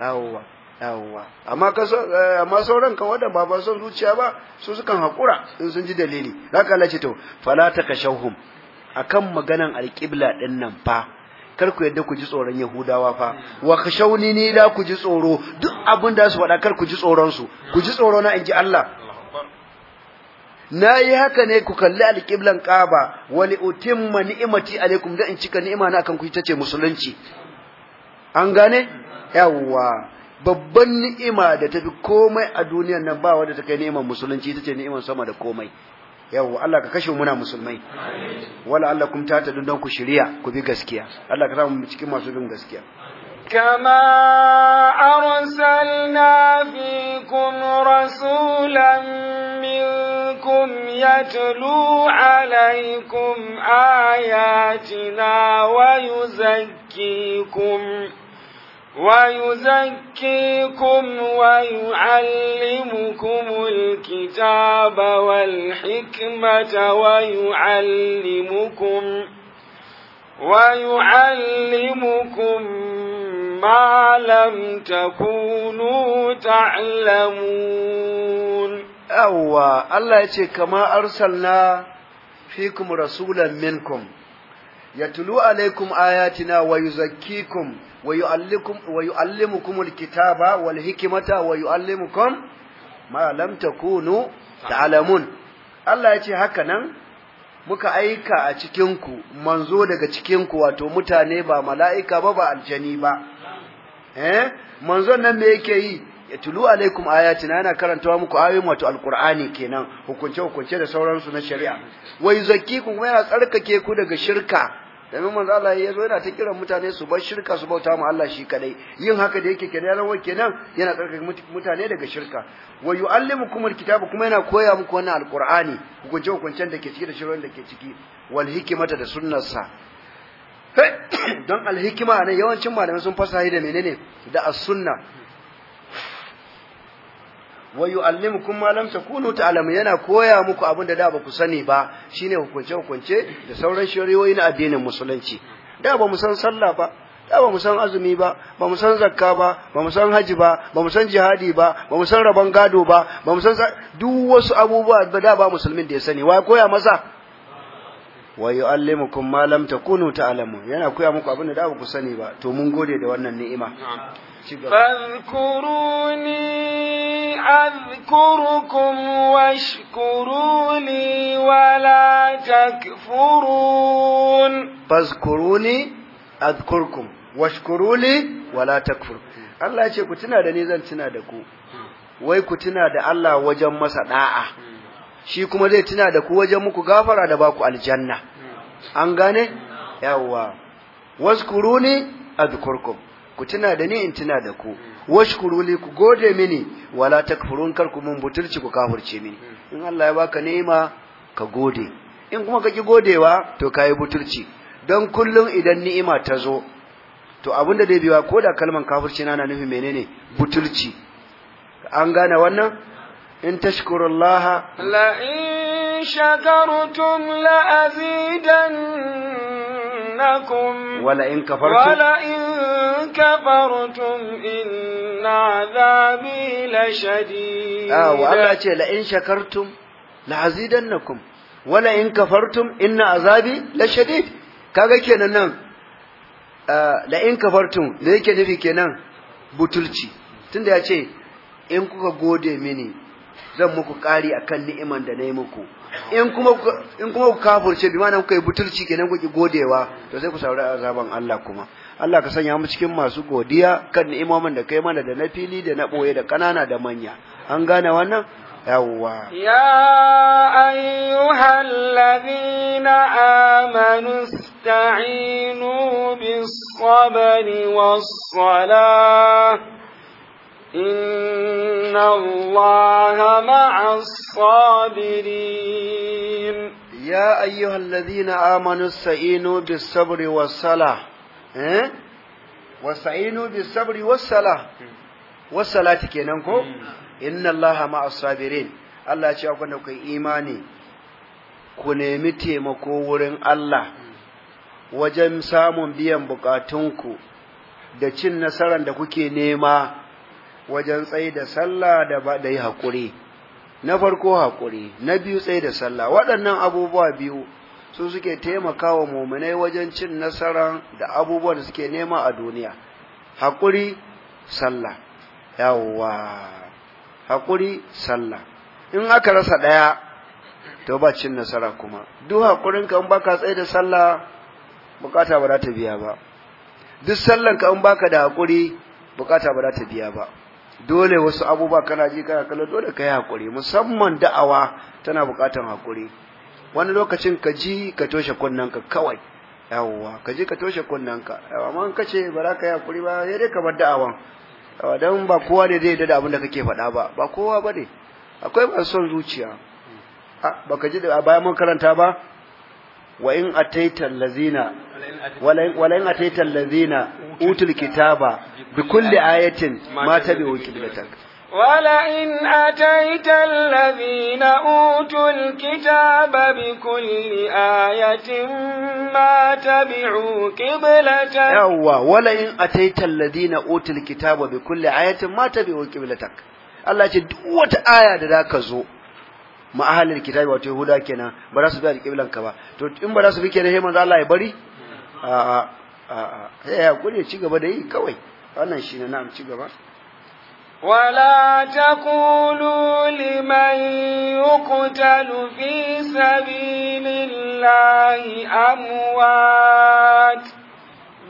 yawwa yawwa amma eh, amma sauran kan wanda ba ba son zuciya ba su sukan hakura in sun ji dalili zaka Allah ce to fala takashahum akan maganan alqibla din nan fa kar ku yadda ku ji tsoron yahudawa fa wa khashawni ni la ku ji tsoro duk abin da su faɗa kar ku ji tsoron su ku ji tsoro na in ji Allah na yi haka ne ku kalli alƙiblan ƙaba wani utimma ni'imati alaikum da in cika ni'ima na kan ku ita ce musulunci an gane yawwa babban ni'ima da tafi komai a duniyar nan ba wanda ta kai ni'imar musulunci ita ce ni'imar sama da komai yawo Allah ka kashe muna musulmai wala Allah kum ta tadun don ku shirya ku bi gaskiya Allah ka samu cikin masu bin gaskiya كما أرسلنا فيكم رسولا منكم يتلو عليكم آياتنا ويزكيكم ويزكيكم ويعلمكم الكتاب والحكمة ويعلمكم ويعلمكم ما لم تكونوا تعلمون أوى الله يتي كما أرسلنا فيكم رسولا منكم yatlu alaikum ayatina wa yuzakkikum wa yu'allikum wa yu'allimukumul kitaba wal hikmata wa yu'allimukum ma lam takunu ta'lamun Allah ya ce haka nan muka aika a cikin ku manzo daga cikin wato mutane ba mala'ika ba ba aljani ba eh nan me yake yi yatlu alaikum ayatina yana karantawa muku ayoyin wato alqur'ani kenan hukunce hukunce da sauransu na shari'a wa yuzakkikum wa yana tsarkake ku daga shirka domin manzo Allah ya zo yana ta kiran mutane su bar shirka su bauta ma Allah shi kadai yin haka da yake kenan ran kenan yana tsarkake mutane daga shirka wa yuallimukum alkitaba kuma yana koya muku wannan alqur'ani ku hukuncen da ke ciki da shirin da ke ciki wal hikmata da sunnarsa don alhikima ne yawancin malamai sun fasahi da menene da as-sunna wa yu'allimukum ma lam takunu ta'lamu yana koya muku abin da da ba ku sani ba shine hukunce hukunce da sauran shari'o'i na addinin musulunci da ba mu san sallah ba da ba mu san azumi ba ba mu san zakka ba ba mu san haji ba ba mu san jihadi ba ba mu san rabon gado ba ba mu san duk wasu abubuwa da ba musulmin da ya sani wa koya masa wa yu'allimukum ma lam takunu ta'lamun yana koya muku abin da da ku sani ba to mun gode da wannan ni'ima fadhkuruni azkurukum washkuruni wala takfurun fadhkuruni azkurkum washkuruli wala takfur Allah ya ce ku tuna da ni zan tuna da ku hmm. wai ku tuna da Allah wajen masa da'a hmm. shi kuma zai tuna da ku wajen muku gafara da baku aljanna an gane yawa waskuruni azkurkum ku tuna da ni in tuna da ku washkuruli ku gode mini wala takfurun kar ku mun butulci ku kafurce mini in Allah ya baka ni'ima ka gode in kuma ka ki godewa to kai butulci don kullum idan ni'ima ta zo to abinda da dai biwa ko da kalman kafurci na na nufin menene butulci an gane wannan in tashkurullaha la in shakartum la azidannakum wala in kafartum wala in kafartum inna azabi la shadid ah wa Allah ce la in shakartum la azidannakum wala in kafartum inna azabi la shadid kaga kenan nan la in kafartum da yake nufi butulci tunda ya ce in kuka gode mini zan muku ƙari akan ni'iman da na yi muku in kuma ku kafurce bi ma'ana kuka yi butulci kenan kuki godewa to sai ku saurari azaban Allah kuma Allah ka sanya mu cikin masu godiya kan ni'imomin da kai mana da na fili da na boye da kanana da manya an gane wannan yawwa ya ayyuhal ladina amanu ista'inu bis sabri was salah الله مع الصابرين يا أيها الذين آمنوا استعينوا بالصبر والصلاة إيه؟ واستعينوا بالصبر والصلاة والصلاة كينانكو إن الله مع الصابرين الله يقول لك إيماني ku nemi taimako wurin Allah wajen samun biyan bukatunku da cin nasarar da kuke nema wajen tsaye da sallah da ba da yi haƙuri na farko haƙuri na biyu tsaye da sallah waɗannan abubuwa biyu su suke taimakawa muminai wajen cin nasara da abubuwan da suke nema a duniya haƙuri sallah yawwa haƙuri sallah in aka rasa ɗaya to ba cin nasara kuma duk haƙurin ka in baka tsaye da sallah bukata ba za ta biya ba duk sallan ka in baka da haƙuri bukata ba za ta biya ba dole wasu abubuwa kana ji kana kallo dole ka hakuri musamman da'awa tana buƙatar hakuri wani lokacin ka ji ka toshe kunnanka kawai yawwa ka ji ka toshe kunnanka yawa amma kace ba za ka yi hakuri ba sai dai ka bar da'awan don ba kowa ne zai da abin da kake faɗa ba ba kowa ba ne akwai masu son zuciya ba ka ji da bayan mun karanta ba wa in ataita lazina wala in ataita lazina utul kitaba بكل آية ما تبعوا قبلتك ولئن أتيت الذين أوتوا الكتاب بكل آية ما تبعوا قبلتك يوا ولئن أتيت الذين أوتوا الكتاب بكل آية ما تبعوا قبلتك Allah ce duk wata aya da za ka zo ma ahalin kitabi wato Yahuda kenan ba za su bi alƙiblan ka ba to in ba za su bi kenan sai manzo Allah ya bari a a ya ci gaba da yi kawai wannan shi ne na'am ci gaba ولا تقولوا لمن يقتل في سبيل الله أموات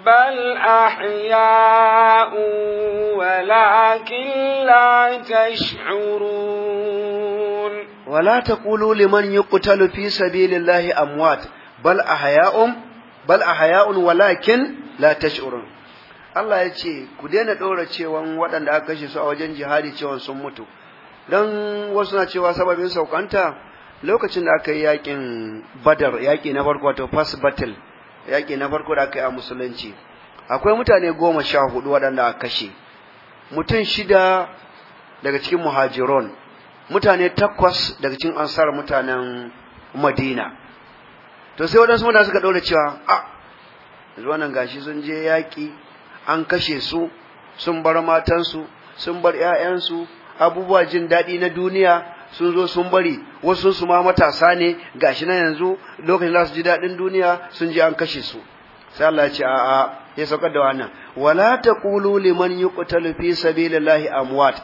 بل أحياء ولكن لا تشعرون ولا تقولوا لمن يقتل في سبيل الله أموات بل أحياء بل أحياء ولكن لا تشعرون Allah ya ce ku daina ɗora cewan waɗanda aka kashe su a wajen jihadi cewa sun mutu don wasu na cewa sababin saukanta lokacin da aka yi yakin badar yaƙi na farko wato first battle yaƙi na farko da aka yi a musulunci akwai mutane goma sha hudu waɗanda aka kashe mutum shida daga cikin muhajiron mutane takwas daga cikin ansar mutanen madina to sai waɗansu mutane suka ɗora cewa a ah, zuwa nan gashi sun je yaƙi an kashe su sun bar matansu sun bar ‘ya'yansu abubuwa jin daɗi na duniya sun zo sun bari wasu su ma matasa ne gashi na yanzu lokacin za su ji daɗin duniya sun ji an kashe su sai Allah ya ce a'a ya saukar da wannan wala taqulu liman yuqtalu fi sabilillahi amwat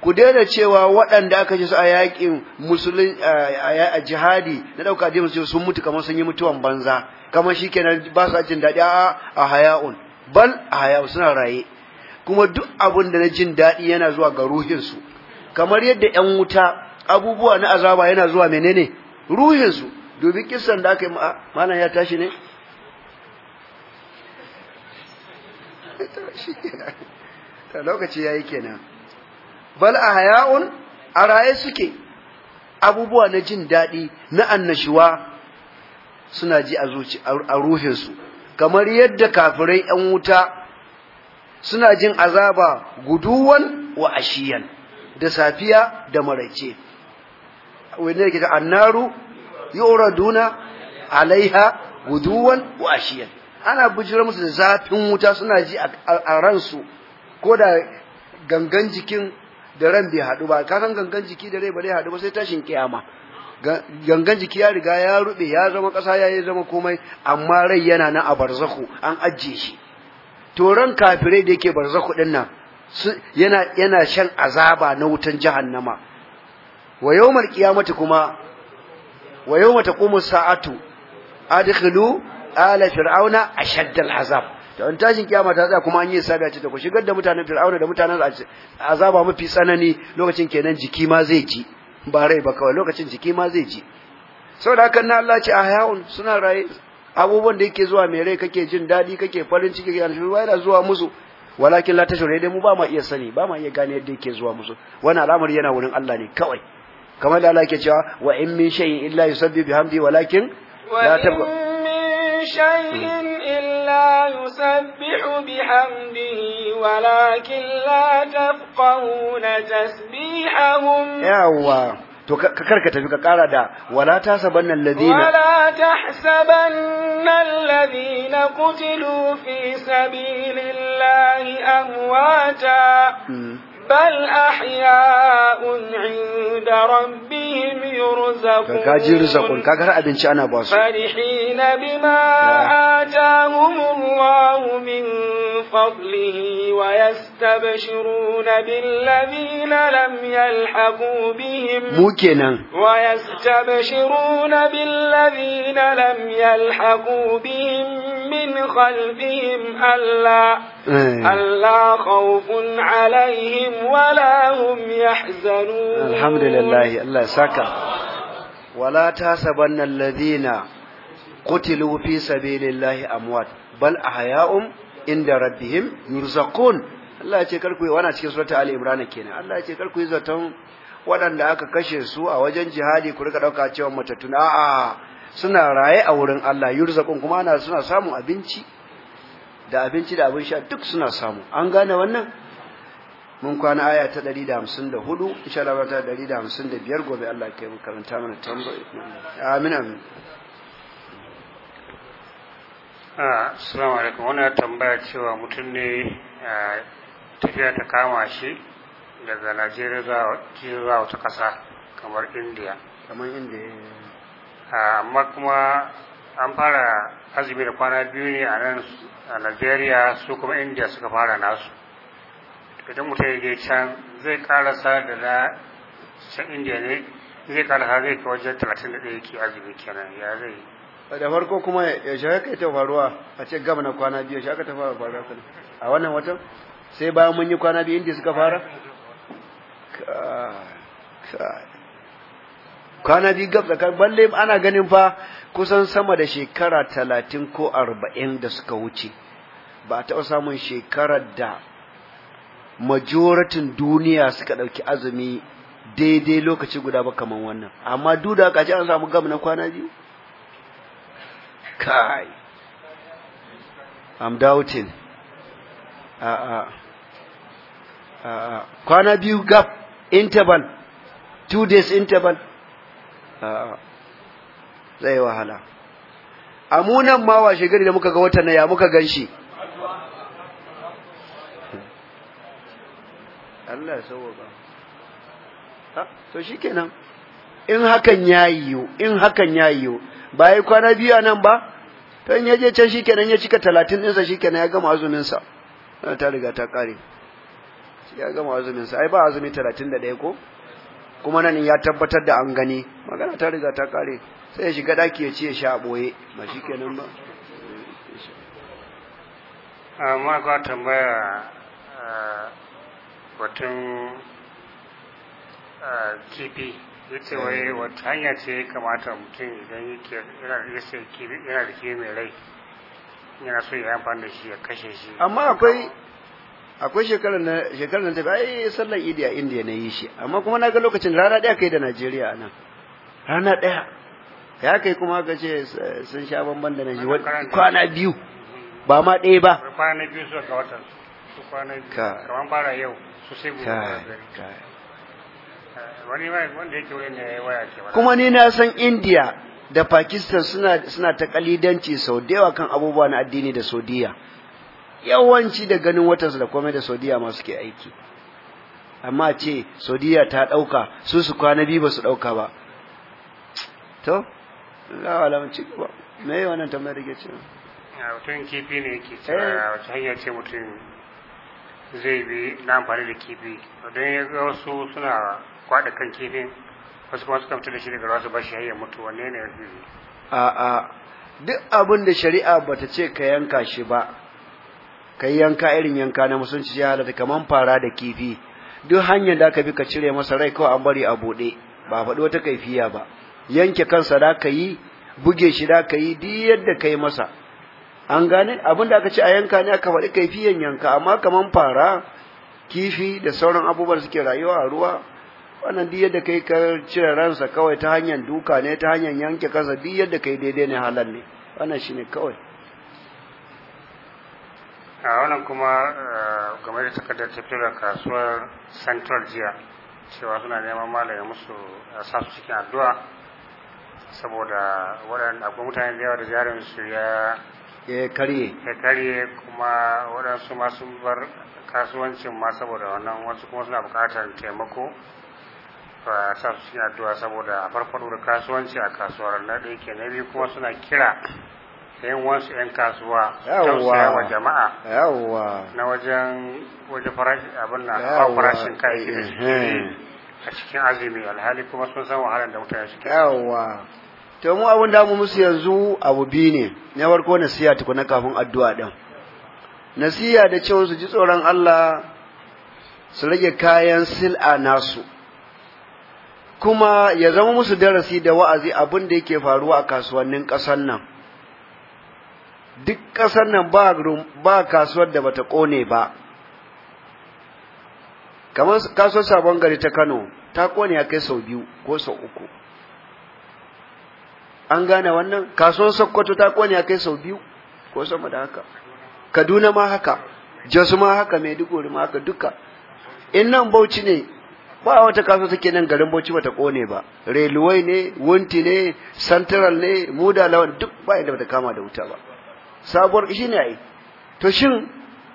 ku daina cewa waɗanda aka ji su a yaƙin musulun a jihadi na ɗauka je sun mutu kamar sun yi mutuwan banza kamar shi kenan ba su jin daɗi a a haya'un bal a hayawa suna raye kuma duk abin da na jin daɗi yana zuwa ga ruhinsu kamar yadda ‘yan wuta abubuwa na azaba yana zuwa menene ruhinsu domin kisan da aka yi ma'ana ya tashi ne ta lokaci ya yi kenan bal a haya'un a raye suke abubuwa na jin daɗi na annashuwa suna ji a ruhinsu kamar yadda kafirai ‘yan wuta suna jin azaba guduwan wa ashiyan da safiya da maraice. Wanda yake ta annaru, Yoraduna, alaiha guduwan wa ashiyan. Ana bujirar musu da zafin wuta suna ji a ransu ko da gangan jikin da ran bai haɗu ba, kasan gangan jiki da rai ba zai haɗu ba sai tashin kiyama. gangan jiki ya riga ya rube ya zama ƙasa ya yi zama komai amma rai yana na a barzaku an ajiye shi to ran kafirai da yake barzaku din nan yana yana shan azaba na wutan jahannama wa yawmal qiyamati kuma wa yawma taqumu sa'atu adkhulu ala fir'auna al azab to an tashin kiyama ta tsaya kuma an yi sabiya ce ta ku shigar da mutanen fir'auna da mutanen azaba mafi tsanani lokacin kenan jiki ma zai ji ba rai ba kawai lokacin jiki ma zai ji saboda haka na Allah ce a hayawun suna raye abubuwan da yake zuwa mai rai kake jin daɗi kake farin ciki kake alheri yana zuwa musu walakin la tashuru dai mu ba ma iya sani ba ma iya gane yadda yake zuwa musu wannan al'amari yana wurin Allah ne kawai kamar da Allah yake cewa wa in min shay'in illa yusabbihu bihamdi walakin la tabqa شيء إلا يسبح بحمده ولكن لا تفقهون تسبيحهم يا to karka tafi ka kara da wala tasabanna alladhina wala tahsabanna alladhina qutilu fi sabilillahi amwata bal ahya'un 'inda rabbihim yurzaqun kaji rizqun kaga har abinci ana ba su farihina bima atahumullahu min fadlihi wa yastabshiruna billadhina lam yalhaqu bihim mu kenan wa yastabshiruna من خلفهم ألا ألا خوف عليهم ولا هم يحزنون الحمد لله الله سكى ولا تحسبن الذين قتلوا في سبيل الله أموات بل عند ربهم يرزقون Allah ya ce karku yi cikin suratul Ali Imran kenan Allah ya ce karku yi zaton waɗanda aka kashe su a wajen jihadi ku rika ɗauka cewa matattun a'a suna raye a wurin Allah yurzakun kuma ana suna samun abinci da abinci da abin sha duk suna samu an gane wannan mun kwana aya ta 154 insha Allah ta 155 gobe Allah ke kai mu karanta mana tambo amin amin ah, Assalamu alaikum wannan tambaya cewa mutum ne ah, tafiya ta kama shi daga Najeriya zuwa wata kasa kamar India kamar India eh. amma kuma an fara azumi da kwana biyu ne a nan a Liberia su kuma India suka fara nasu idan mutum ya can zai karasa da na can India ne zai karasa zai fi wajen talatin da ɗaya ke azumi kenan ya zai da farko kuma ya shi haka ta faruwa a ce gaba na kwana biyu shi haka ta fara faruwa a wannan watan sai bayan mun yi kwana biyu inda suka fara kwana biyu gab da balle ana ganin fa kusan sama da shekara talatin ko arba'in da suka wuce ba a taɓa samun shekarar da majoratin duniya suka ɗauki azumi daidai lokaci guda ba kamar wannan amma duda da ce an samu gab na kwana biyu kai i'm doubting a a kwana biyu gab interval two days interval zai wahala amunan ma washe gari da muka ga watan ya muka ganshi Allah sauwaka to shikenan in hakan ya yiwu in hakan ya yiwu ba yi kwana biyu a nan ba to in yaje can shikenan ya cika talatin ɗinsa shikenan ya gama azuminsa ta riga ta ƙare ya gama azuminsa ai ba azumi talatin da ɗaya ko kuma nan ya tabbatar da an gani magana ta riga ta kare sai ya shiga daki ya ce ya sha boye ba shi kenan ba ah, amma ga tambaya ah, batun ah, kifi ya ce wai eh. wata hanya ce ya kamata mutum idan yake yana da kifi mai rai yana so ya amfani da shi ya kashe shi amma akwai akwai shekarar na shekarar nan tafi ai sallar idi a indiya na yi shi amma kuma na ga lokacin rana ɗaya kai da najeriya a nan rana ɗaya ya kai kuma ka ce eh, sun sha bamban da na kwana biyu ba ma ɗaya ba kwana biyu su ka watan su kwana biyu kaman bara yau su sai gobe eh, wani wanda yake wurin ne waya ke kuma ni na san indiya da pakistan suna suna ta kalidanci sau da yawa kan abubuwa na addini da saudiya yawanci da ganin watansu da komai da saudiya ma suke aiki amma ce saudiya ta ɗauka su su kwana biyu ba su ɗauka ba to lawa alamun ci gaba me yi wannan tambayar da ke ce mutum kifi ne yake cewa eh. wata hanya ce mutum zai bi na amfani da kifi don ya ga wasu suna kwaɗa kan kifin wasu kuma suka fito da shi daga wasu ba shi hanyar mutu wanne ne a a duk abin da shari'a bata ce ka yanka shi ba kai yanka irin yanka na musulunci ya halatta kaman fara da kifi duk hanyar da ka bi ka cire masa rai kawai an bari a buɗe ba faɗi wata kaifiya ba yanke kansa da ka yi buge shi da ka yi duk yadda ka yi masa an gane abin da aka ce a yanka ne aka faɗi kaifiyan yanka amma kaman fara kifi da sauran abubuwan suke rayuwa a ruwa wannan duk yadda kai ka cire ransa kawai ta hanyar duka ne ta hanyar yanke kansa duk yadda kai daidai ne halal ne wannan shine kawai a wannan kuma eh, game da takardar tafiyar da kasuwar central jiya cewa suna neman malaya musu sa su cikin addu'a saboda waɗanda akwai mutane da yawa da jarin su ya karye ya karye kuma waɗansu masu bar kasuwancin ma saboda wannan wasu kuma suna buƙatar taimako a sa cikin addu'a saboda a farfaɗo da kasuwanci a kasuwar na ɗaya ke na biyu kuma suna kira yan wasu yan kasuwa tausaya wa jama'a yawa na wajen wajen farashin abin na farashin kayayyaki eh, eh. a cikin azumi alhali kuma sun san wahalar da mutane suke yawa to mu abin da mu musu yanzu abu biyu ne na farko nasiya tukuna kafin addu'a din nasiya da cewa su ji tsoron Allah su rage kayan sil'a nasu kuma ya zama musu darasi da wa'azi abin da yake faruwa a kasuwannin ƙasar nan duk ƙasar nan ba ba kasuwar da bata kone ba kamar kasuwar sabon gari ta Kano ta kone ya kai sau biyu ko sau uku an gane wannan kasuwar Sokoto ta kone ya kai sau biyu ko sama da haka Kaduna ma haka Jos ma haka Maiduguri ma haka duka in nan Bauchi ne ba wata kasuwa take nan garin Bauchi bata kone ba railway ne wunti ne central ne muda lawan duk ba inda bata kama da wuta ba sabuwar ishi ne ai to shin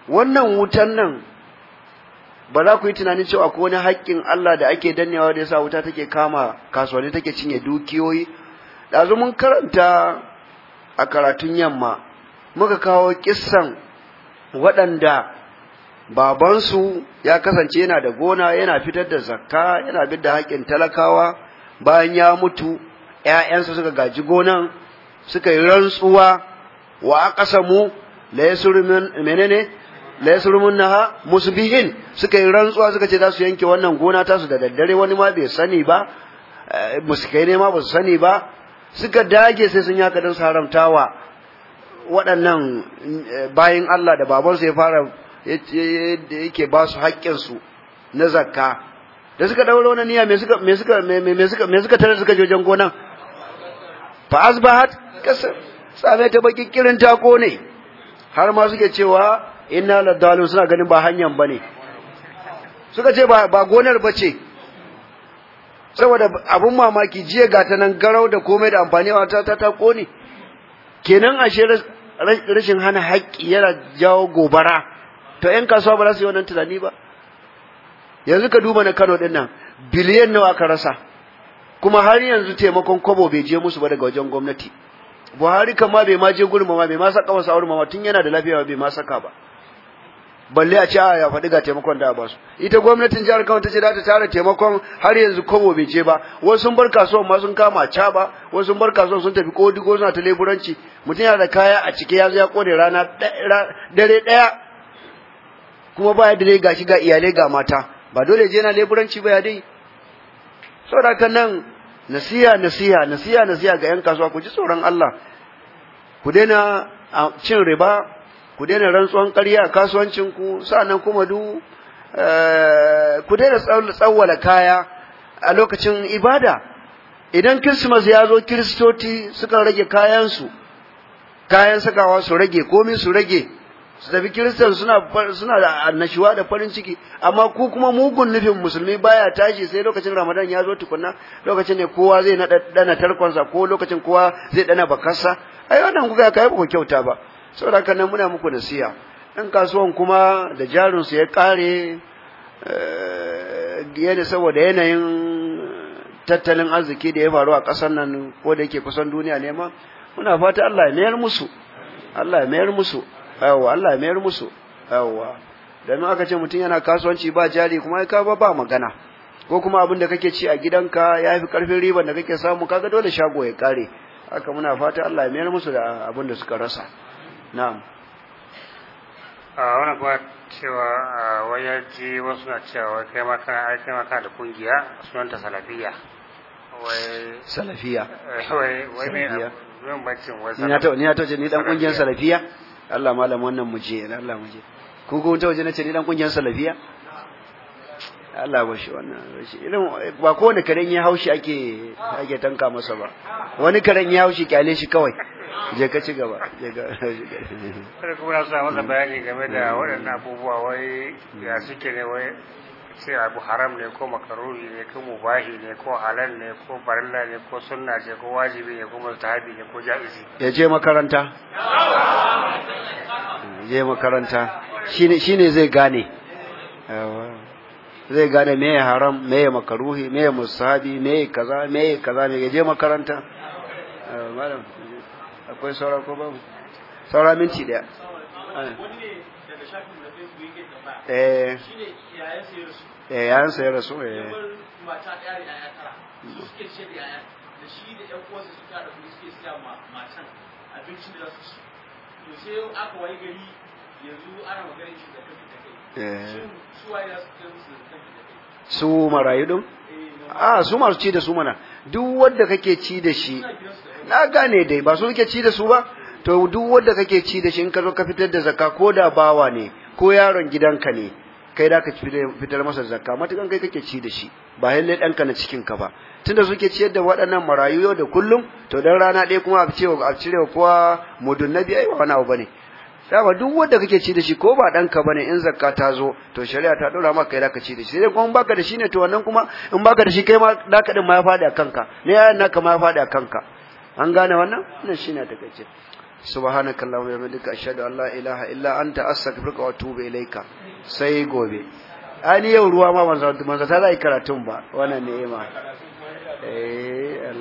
wannan wutan nan ba za ku yi tunanin cewa ko wani haƙƙin Allah da ake dannewa da yasa wuta take kama kasuwanni take cinye dukiyoyi ɗazu mun karanta a karatun yamma muka kawo kissan waɗanda babansu ya kasance yana da gona yana fitar da zakka yana bin da haƙƙin talakawa bayan ya mutu ‘ya'yansa suka gaji gonan suka yi rantsuwa wa aqsamu la yasrumun menene la yasrumunha musbihin suka yi rantsuwa suka ce za su yanke wannan gona tasu da daddare wani ma bai sani ba eh, musikai ne ma ba su sani ba suka dage sai sun yaka dan su haramtawa waɗannan eh, bayin Allah da baban su ya fara yake ba su haƙƙinsu na zakka da suka daura wani niyya me suka me suka me suka me suka tare suka je wajen gonan fa asbahat kasar same ta baki kirin ta kone har ma suke cewa inna ladalu suna ganin ba hanyar bane suka ce ba gonar bace saboda abun mamaki jiya ga ta nan garau da komai da amfani a ta ta kone kenan ashe rashin hana haƙƙi yana jawo gobara to ƴan kasuwa ba za su yi wannan tunani ba yanzu ka duba na Kano din nan biliyan nawa ka rasa kuma har yanzu taimakon kwabo bai je musu ba daga wajen gwamnati Buhari kama bai ma je gurin mama bai ma saka masa aure mama tun yana da lafiya bai ma saka ba balle a ce a ya faɗi ga taimakon da ba su ita gwamnatin jihar Kano ta ce za ta tara taimakon har yanzu kobo bai je ba wasu sun bar kasuwar ma sun kama ca ba wasu sun bar kasuwar sun tafi kodigo suna ta leburanci mutum yana da kaya a cike ya ya kone rana dare daya. kuma baya dare gashi ga iyalai ga mata ba dole je na leburanci ba ya dai saboda nan nasiya nasiya nasiya nasiya ga yan kasuwa ku ji tsoron Allah ku daina cin riba ku daina rantsuwan ƙarya kasuwancin ku sa'annan kuma du eh, ku daina tsawwala kaya a lokacin ibada idan Christmas ya zo Kiristoti sukan rage kayan su kayan sakawa su rage komin su rage su tafi kiristan suna suna da annashuwa da farin ciki amma ku kuma mugun nufin musulmi baya tashi sai lokacin ramadan ya zo tukunna lokacin ne kowa zai dana tarkonsa ko lokacin kowa zai dana bakarsa ai wannan kuka kai ba kyauta ba saboda haka nan muna muku nasiha dan kasuwan kuma da jarin su ya kare eh, yana saboda yanayin tattalin arziki da ya faru a kasar nan ko da yake kusan duniya ne ma muna fata Allah ya mayar musu Allah ya mayar musu yawa Allah ya mayar musu yawa dan aka ce mutum yana kasuwanci ba jari kuma ya ka ba magana ko kuma abin da kake ci a gidanka ya karfin riban da kake samu kaga dole shago ya kare haka muna fata Allah ya mayar musu da abin da suka rasa na'am a wannan kuma cewa wayar ya ji wasu na cewa kai maka ai kai maka da kungiya ta salafiya. wai salafiya eh, wai wai me bacin wai ni na ta ni dan kungiyar salafiya Allah malam wannan mu je Allah mu je ku ga wata waje nace ni dan kungiyar salafiya Allah ba shi wannan shi irin ba ko kowane karen ya haushi ake ake tanka masa ba wani karen ya haushi kyale shi kawai je ka ci gaba je ka kuma na sa masa bayani game da waɗannan abubuwa wai ya suke ne wai sai abu haram ne ko makaruri ne ko mubahi ne ko halal ne ko barilla ne ko sunna ce ko wajibi ne ko mustahabi ne ko ja'izi ya je makaranta je makaranta shine shine zai gane zai gane me ya haram me ya makaruhi me ya mustahabi me ya kaza me ya kaza ne ya je makaranta malam akwai saura ko babu saura minti daya wani ne daga shafin eh eh yayan sa ya rasu eh, eh. mata ɗaya da yaya tara su suke ce da yaya da shi da ƴan uwansa suka da suke siya ma matan abincin da za su ci to sai aka wayi gari yanzu ana maganar shi da kafin da kai eh. shin su waye za su kai musu kai su marayu din eh, a ah, su masu ci da su mana duk wanda kake ci da shi na gane dai ba su kake ci da su ba to duk wanda kake ci da shi in ka zo ka fitar da zakka ko da bawa ne ko yaron gidanka ne kai da ka fitar masa zakka matukan kai kake ci da shi ba lalle ɗanka na cikin ka ba tunda suke ciyar da waɗannan marayu yau da kullum to dan rana ɗaya kuma a wa a cirewa kowa mudun nabi ai wani abu bane dama duk wanda kake ci da shi ko ba ɗanka bane in zakka ta zo to shari'a ta ɗora maka kai da ka ci da shi sai kuma in baka da shi ne to wannan kuma in baka da shi kai ma ka din ma ya faɗi a kanka ne yayan naka ma ya faɗi a kanka an gane wannan wannan shine takaice subhanaka allahumma wa bihamdika ashhadu an la ilaha illa anta astaghfiruka wa atubu ilaika sai gobe ani yau ruwa ma manzo manzo ta zai karatun ba wannan ni'ima eh